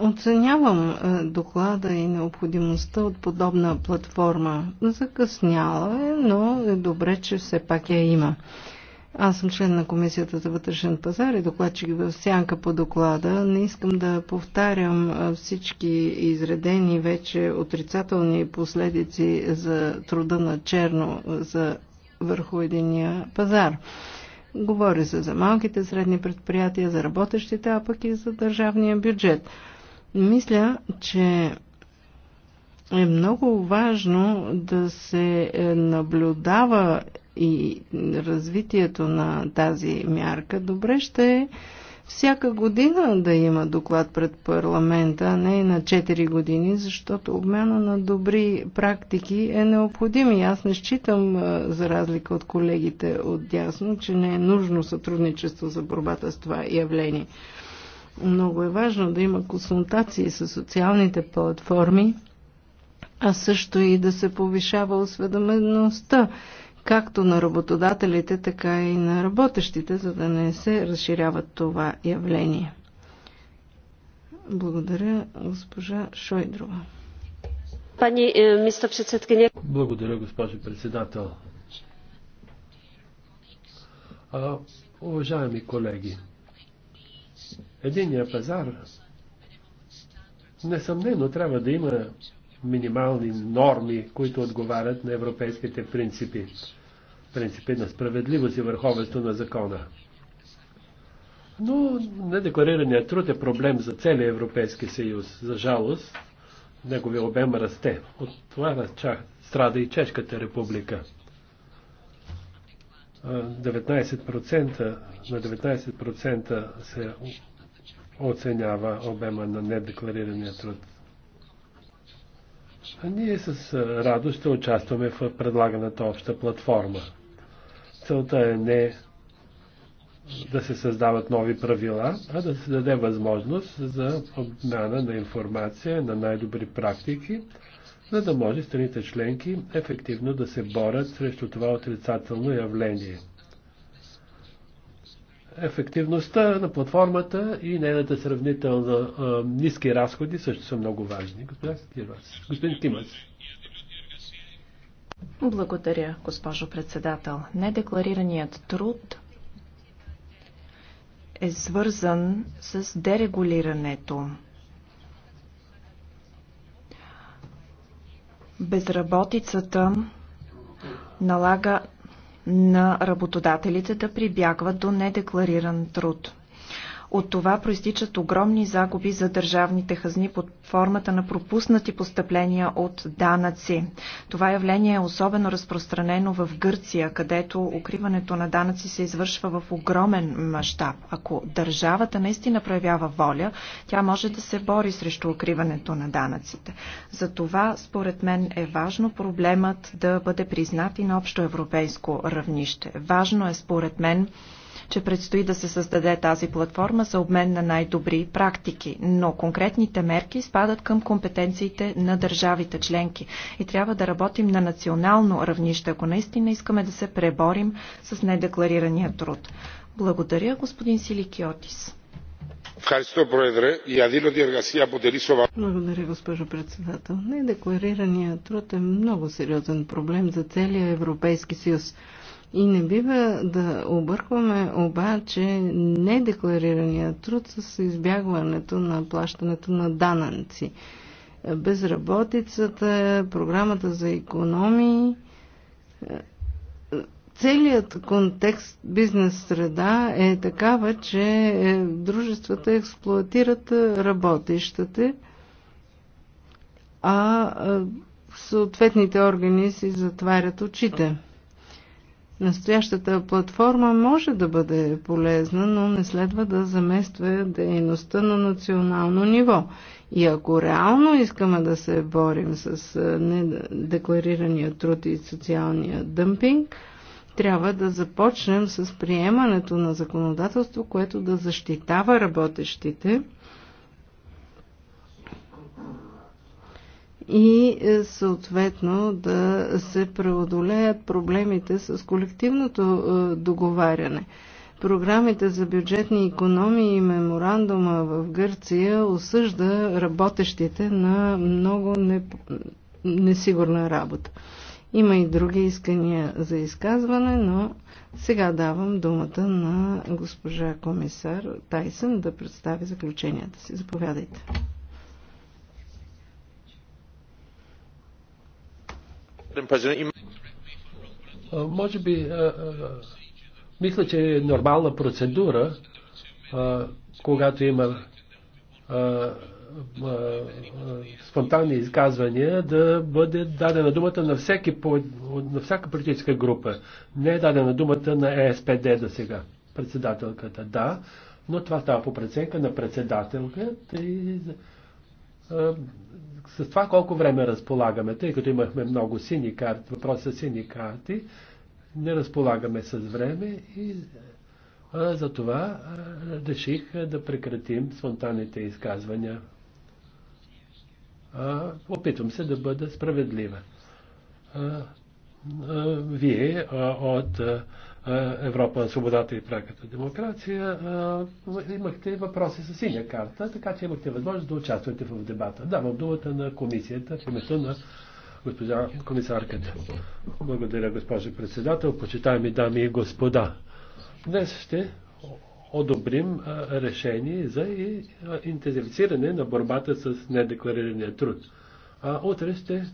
Оценявам е, доклада и необходимостта от подобна платформа. Закъсняла е, но е добре, че все пак я има. Аз съм член на Комисията за вътрешен пазар и докладчик в сянка по доклада. Не искам да повтарям всички изредени вече отрицателни последици за труда на черно за върху единия пазар. Говори се за малките средни предприятия, за работещите, а пък и за държавния бюджет. Мисля, че е много важно да се е, наблюдава и развитието на тази мярка, добре ще е всяка година да има доклад пред парламента, а не на 4 години, защото обмяна на добри практики е необходим. И аз не считам, за разлика от колегите от дясно, че не е нужно сътрудничество за борбата с това явление. Много е важно да има консултации с социалните платформи, а също и да се повишава осведомеността както на работодателите, така и на работещите, за да не се разширява това явление. Благодаря, госпожа Шойдрова. Пани е, мисто председкиня. Благодаря, госпожо председател. А, уважаеми колеги, единия пазар несъмнено трябва да има минимални норми, които отговарят на европейските принципи. Принципи на справедливост и върховенство на закона. Но недекларираният труд е проблем за целия Европейски съюз. За жалост, неговият обем расте. От това страда и Чешката република. 19%, на 19% се оценява обема на недекларирания труд. А ние с радост ще участваме в предлаганата обща платформа. Целта е не да се създават нови правила, а да се даде възможност за обмяна на информация, на най-добри практики, за да може страните членки ефективно да се борят срещу това отрицателно явление – ефективността на платформата и нейната сравнително а, ниски разходи също са много важни. Господин Тимас. Благодаря, госпожо председател. Недекларираният труд е свързан с дерегулирането. Безработицата налага на работодателите да прибягват до недеклариран труд. От това проистичат огромни загуби за държавните хазни под формата на пропуснати постъпления от данъци. Това явление е особено разпространено в Гърция, където укриването на данъци се извършва в огромен мащаб. Ако държавата наистина проявява воля, тя може да се бори срещу укриването на данъците. За това, според мен, е важно проблемът да бъде признат и на общо европейско равнище. Важно е, според мен, че предстои да се създаде тази платформа за обмен на най-добри практики, но конкретните мерки спадат към компетенциите на държавите членки и трябва да работим на национално равнище, ако наистина искаме да се преборим с недекларирания труд. Благодаря, господин Силикиотис. Благодаря, госпожо председател. Недекларираният труд е много сериозен проблем за целия Европейски съюз. И не бива да объркваме обаче недекларирания труд с избягването на плащането на данъци. Безработицата, програмата за економии, целият контекст бизнес среда е такава, че е, дружествата експлуатират е, работещите, а е, съответните органи си затварят очите. Настоящата платформа може да бъде полезна, но не следва да замества дейността на национално ниво. И ако реално искаме да се борим с недекларирания труд и социалния дъмпинг, трябва да започнем с приемането на законодателство, което да защитава работещите – и е, съответно да се преодолеят проблемите с колективното е, договаряне. Програмите за бюджетни економии и меморандума в Гърция осъжда работещите на много неп... несигурна работа. Има и други искания за изказване, но сега давам думата на госпожа комисар Тайсън да представи заключенията си. Заповядайте. Може би, мисля, че е нормална процедура, когато има спонтанни изказвания, да бъде дадена думата на, всеки, на всяка политическа група. Не е дадена думата на ЕСПД до сега. Председателката, да, но това става по преценка на председателката и с това колко време разполагаме, тъй като имахме много сини карти, въпроса сини карти, не разполагаме с време и а, за това реших да прекратим спонтанните изказвания. А, опитвам се да бъда справедлива. А, а, вие а, от а, е, Европа, свободата и пряката демокрация, е, имахте въпроси с синя карта, така че имахте възможност да участвате в дебата. Давам думата на комисията в името на госпожа комисарката. Благодаря, госпожа председател, почитаеми дами и господа. Днес ще одобрим е, решение за интензифициране на борбата с недекларирания труд. А утре ще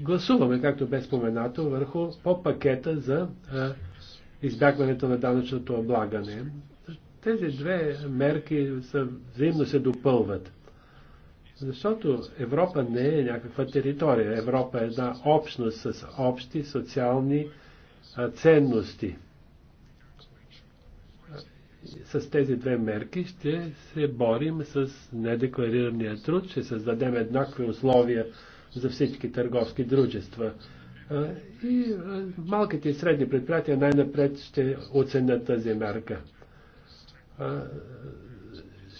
гласуваме, както бе споменато, върху по пакета за избягването на данъчното облагане. Тези две мерки са, взаимно се допълват. Защото Европа не е някаква територия. Европа е една общност с общи социални ценности. С тези две мерки ще се борим с недекларирания труд, ще създадем еднакви условия за всички търговски дружества и малките и средни предприятия най-напред ще оценят тази мерка.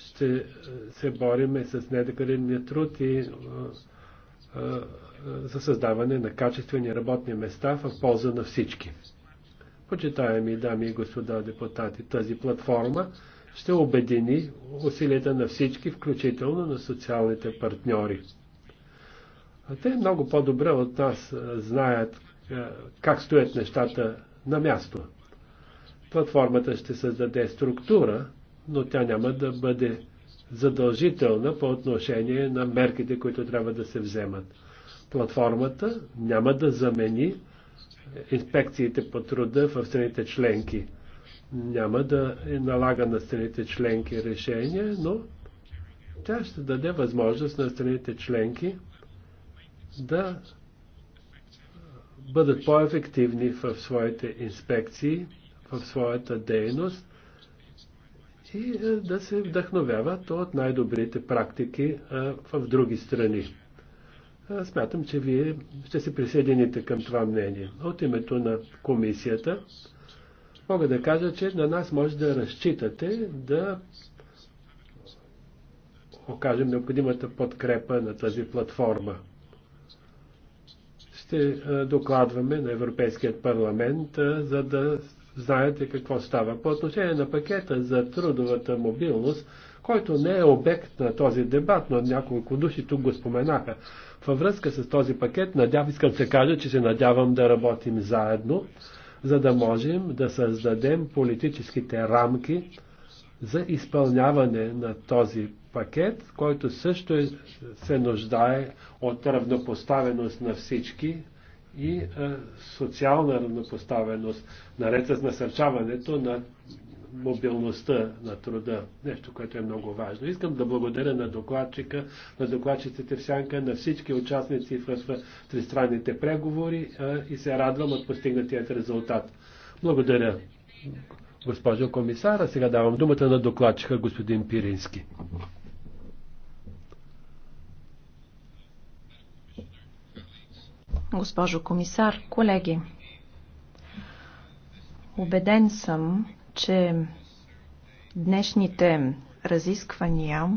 Ще се бориме с недекарения труд и за създаване на качествени работни места в полза на всички. Почитаеми дами и господа депутати, тази платформа ще обедини усилията на всички, включително на социалните партньори. Те много по-добре от нас знаят как стоят нещата на място. Платформата ще създаде структура, но тя няма да бъде задължителна по отношение на мерките, които трябва да се вземат. Платформата няма да замени инспекциите по труда в страните членки. Няма да е налага на страните членки решения, но тя ще даде възможност на страните членки да бъдат по-ефективни в своите инспекции, в своята дейност и е, да се вдъхновяват от най-добрите практики е, в други страни. Е, смятам, че вие ще се присъедините към това мнение. От името на комисията мога да кажа, че на нас може да разчитате да окажем необходимата подкрепа на тази платформа ще докладваме на Европейският парламент, за да знаете какво става. По отношение на пакета за трудовата мобилност, който не е обект на този дебат, но няколко души тук го споменаха. Във връзка с този пакет, надяв, искам да се кажа, че се надявам да работим заедно, за да можем да създадем политическите рамки за изпълняване на този пакет, който също е, се нуждае от равнопоставеност на всички и е, социална равнопоставеност, наред с насърчаването на мобилността на труда, нещо, което е много важно. Искам да благодаря на докладчика, на докладчиците в Сянка, на всички участници в, тристранните преговори е, и се радвам от постигнатият резултат. Благодаря, госпожо комисара. Сега давам думата на докладчика господин Пирински. госпожо комисар, колеги. Обеден съм, че днешните разисквания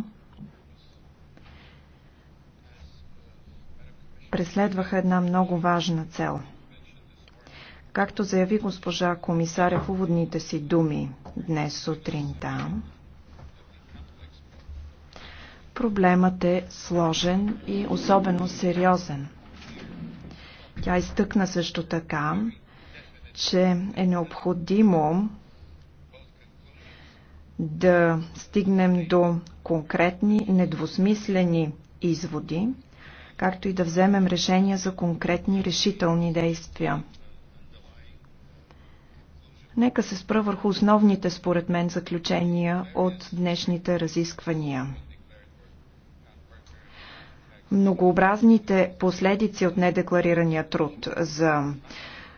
преследваха една много важна цел. Както заяви госпожа комисаря в уводните си думи днес сутринта, проблемът е сложен и особено сериозен. Тя изтъкна също така, че е необходимо да стигнем до конкретни, недвусмислени изводи, както и да вземем решения за конкретни решителни действия. Нека се спра върху основните, според мен, заключения от днешните разисквания многообразните последици от недекларирания труд за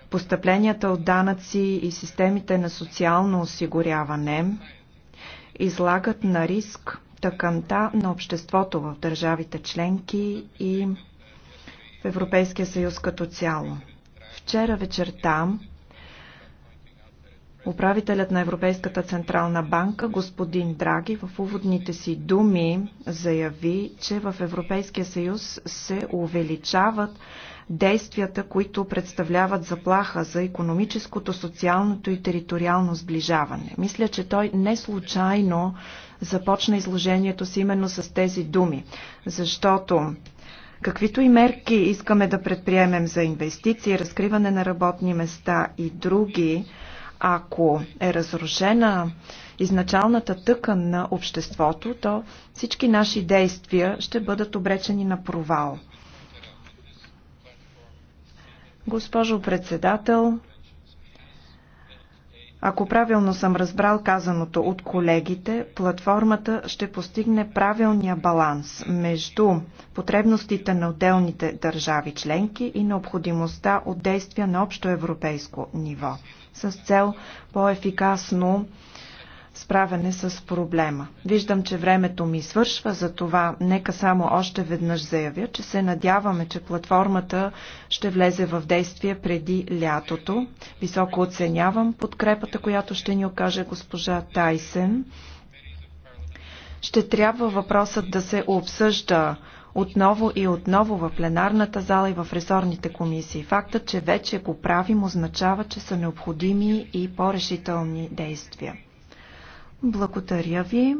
постъпленията от данъци и системите на социално осигуряване излагат на риск тъканта на обществото в държавите членки и в Европейския съюз като цяло. Вчера вечерта Управителят на Европейската централна банка, господин Драги, в уводните си думи заяви, че в Европейския съюз се увеличават действията, които представляват заплаха за економическото, социалното и териториално сближаване. Мисля, че той не случайно започна изложението си именно с тези думи, защото Каквито и мерки искаме да предприемем за инвестиции, разкриване на работни места и други, ако е разрушена изначалната тъкан на обществото, то всички наши действия ще бъдат обречени на провал. Госпожо председател, ако правилно съм разбрал казаното от колегите, платформата ще постигне правилния баланс между потребностите на отделните държави членки и необходимостта от действия на общо европейско ниво с цел по-ефикасно справяне с проблема. Виждам, че времето ми свършва, затова нека само още веднъж заявя, че се надяваме, че платформата ще влезе в действие преди лятото. Високо оценявам подкрепата, която ще ни окаже госпожа Тайсен. Ще трябва въпросът да се обсъжда отново и отново в пленарната зала и в ресорните комисии. Фактът, че вече го е правим, означава, че са необходими и по-решителни действия. Благодаря ви.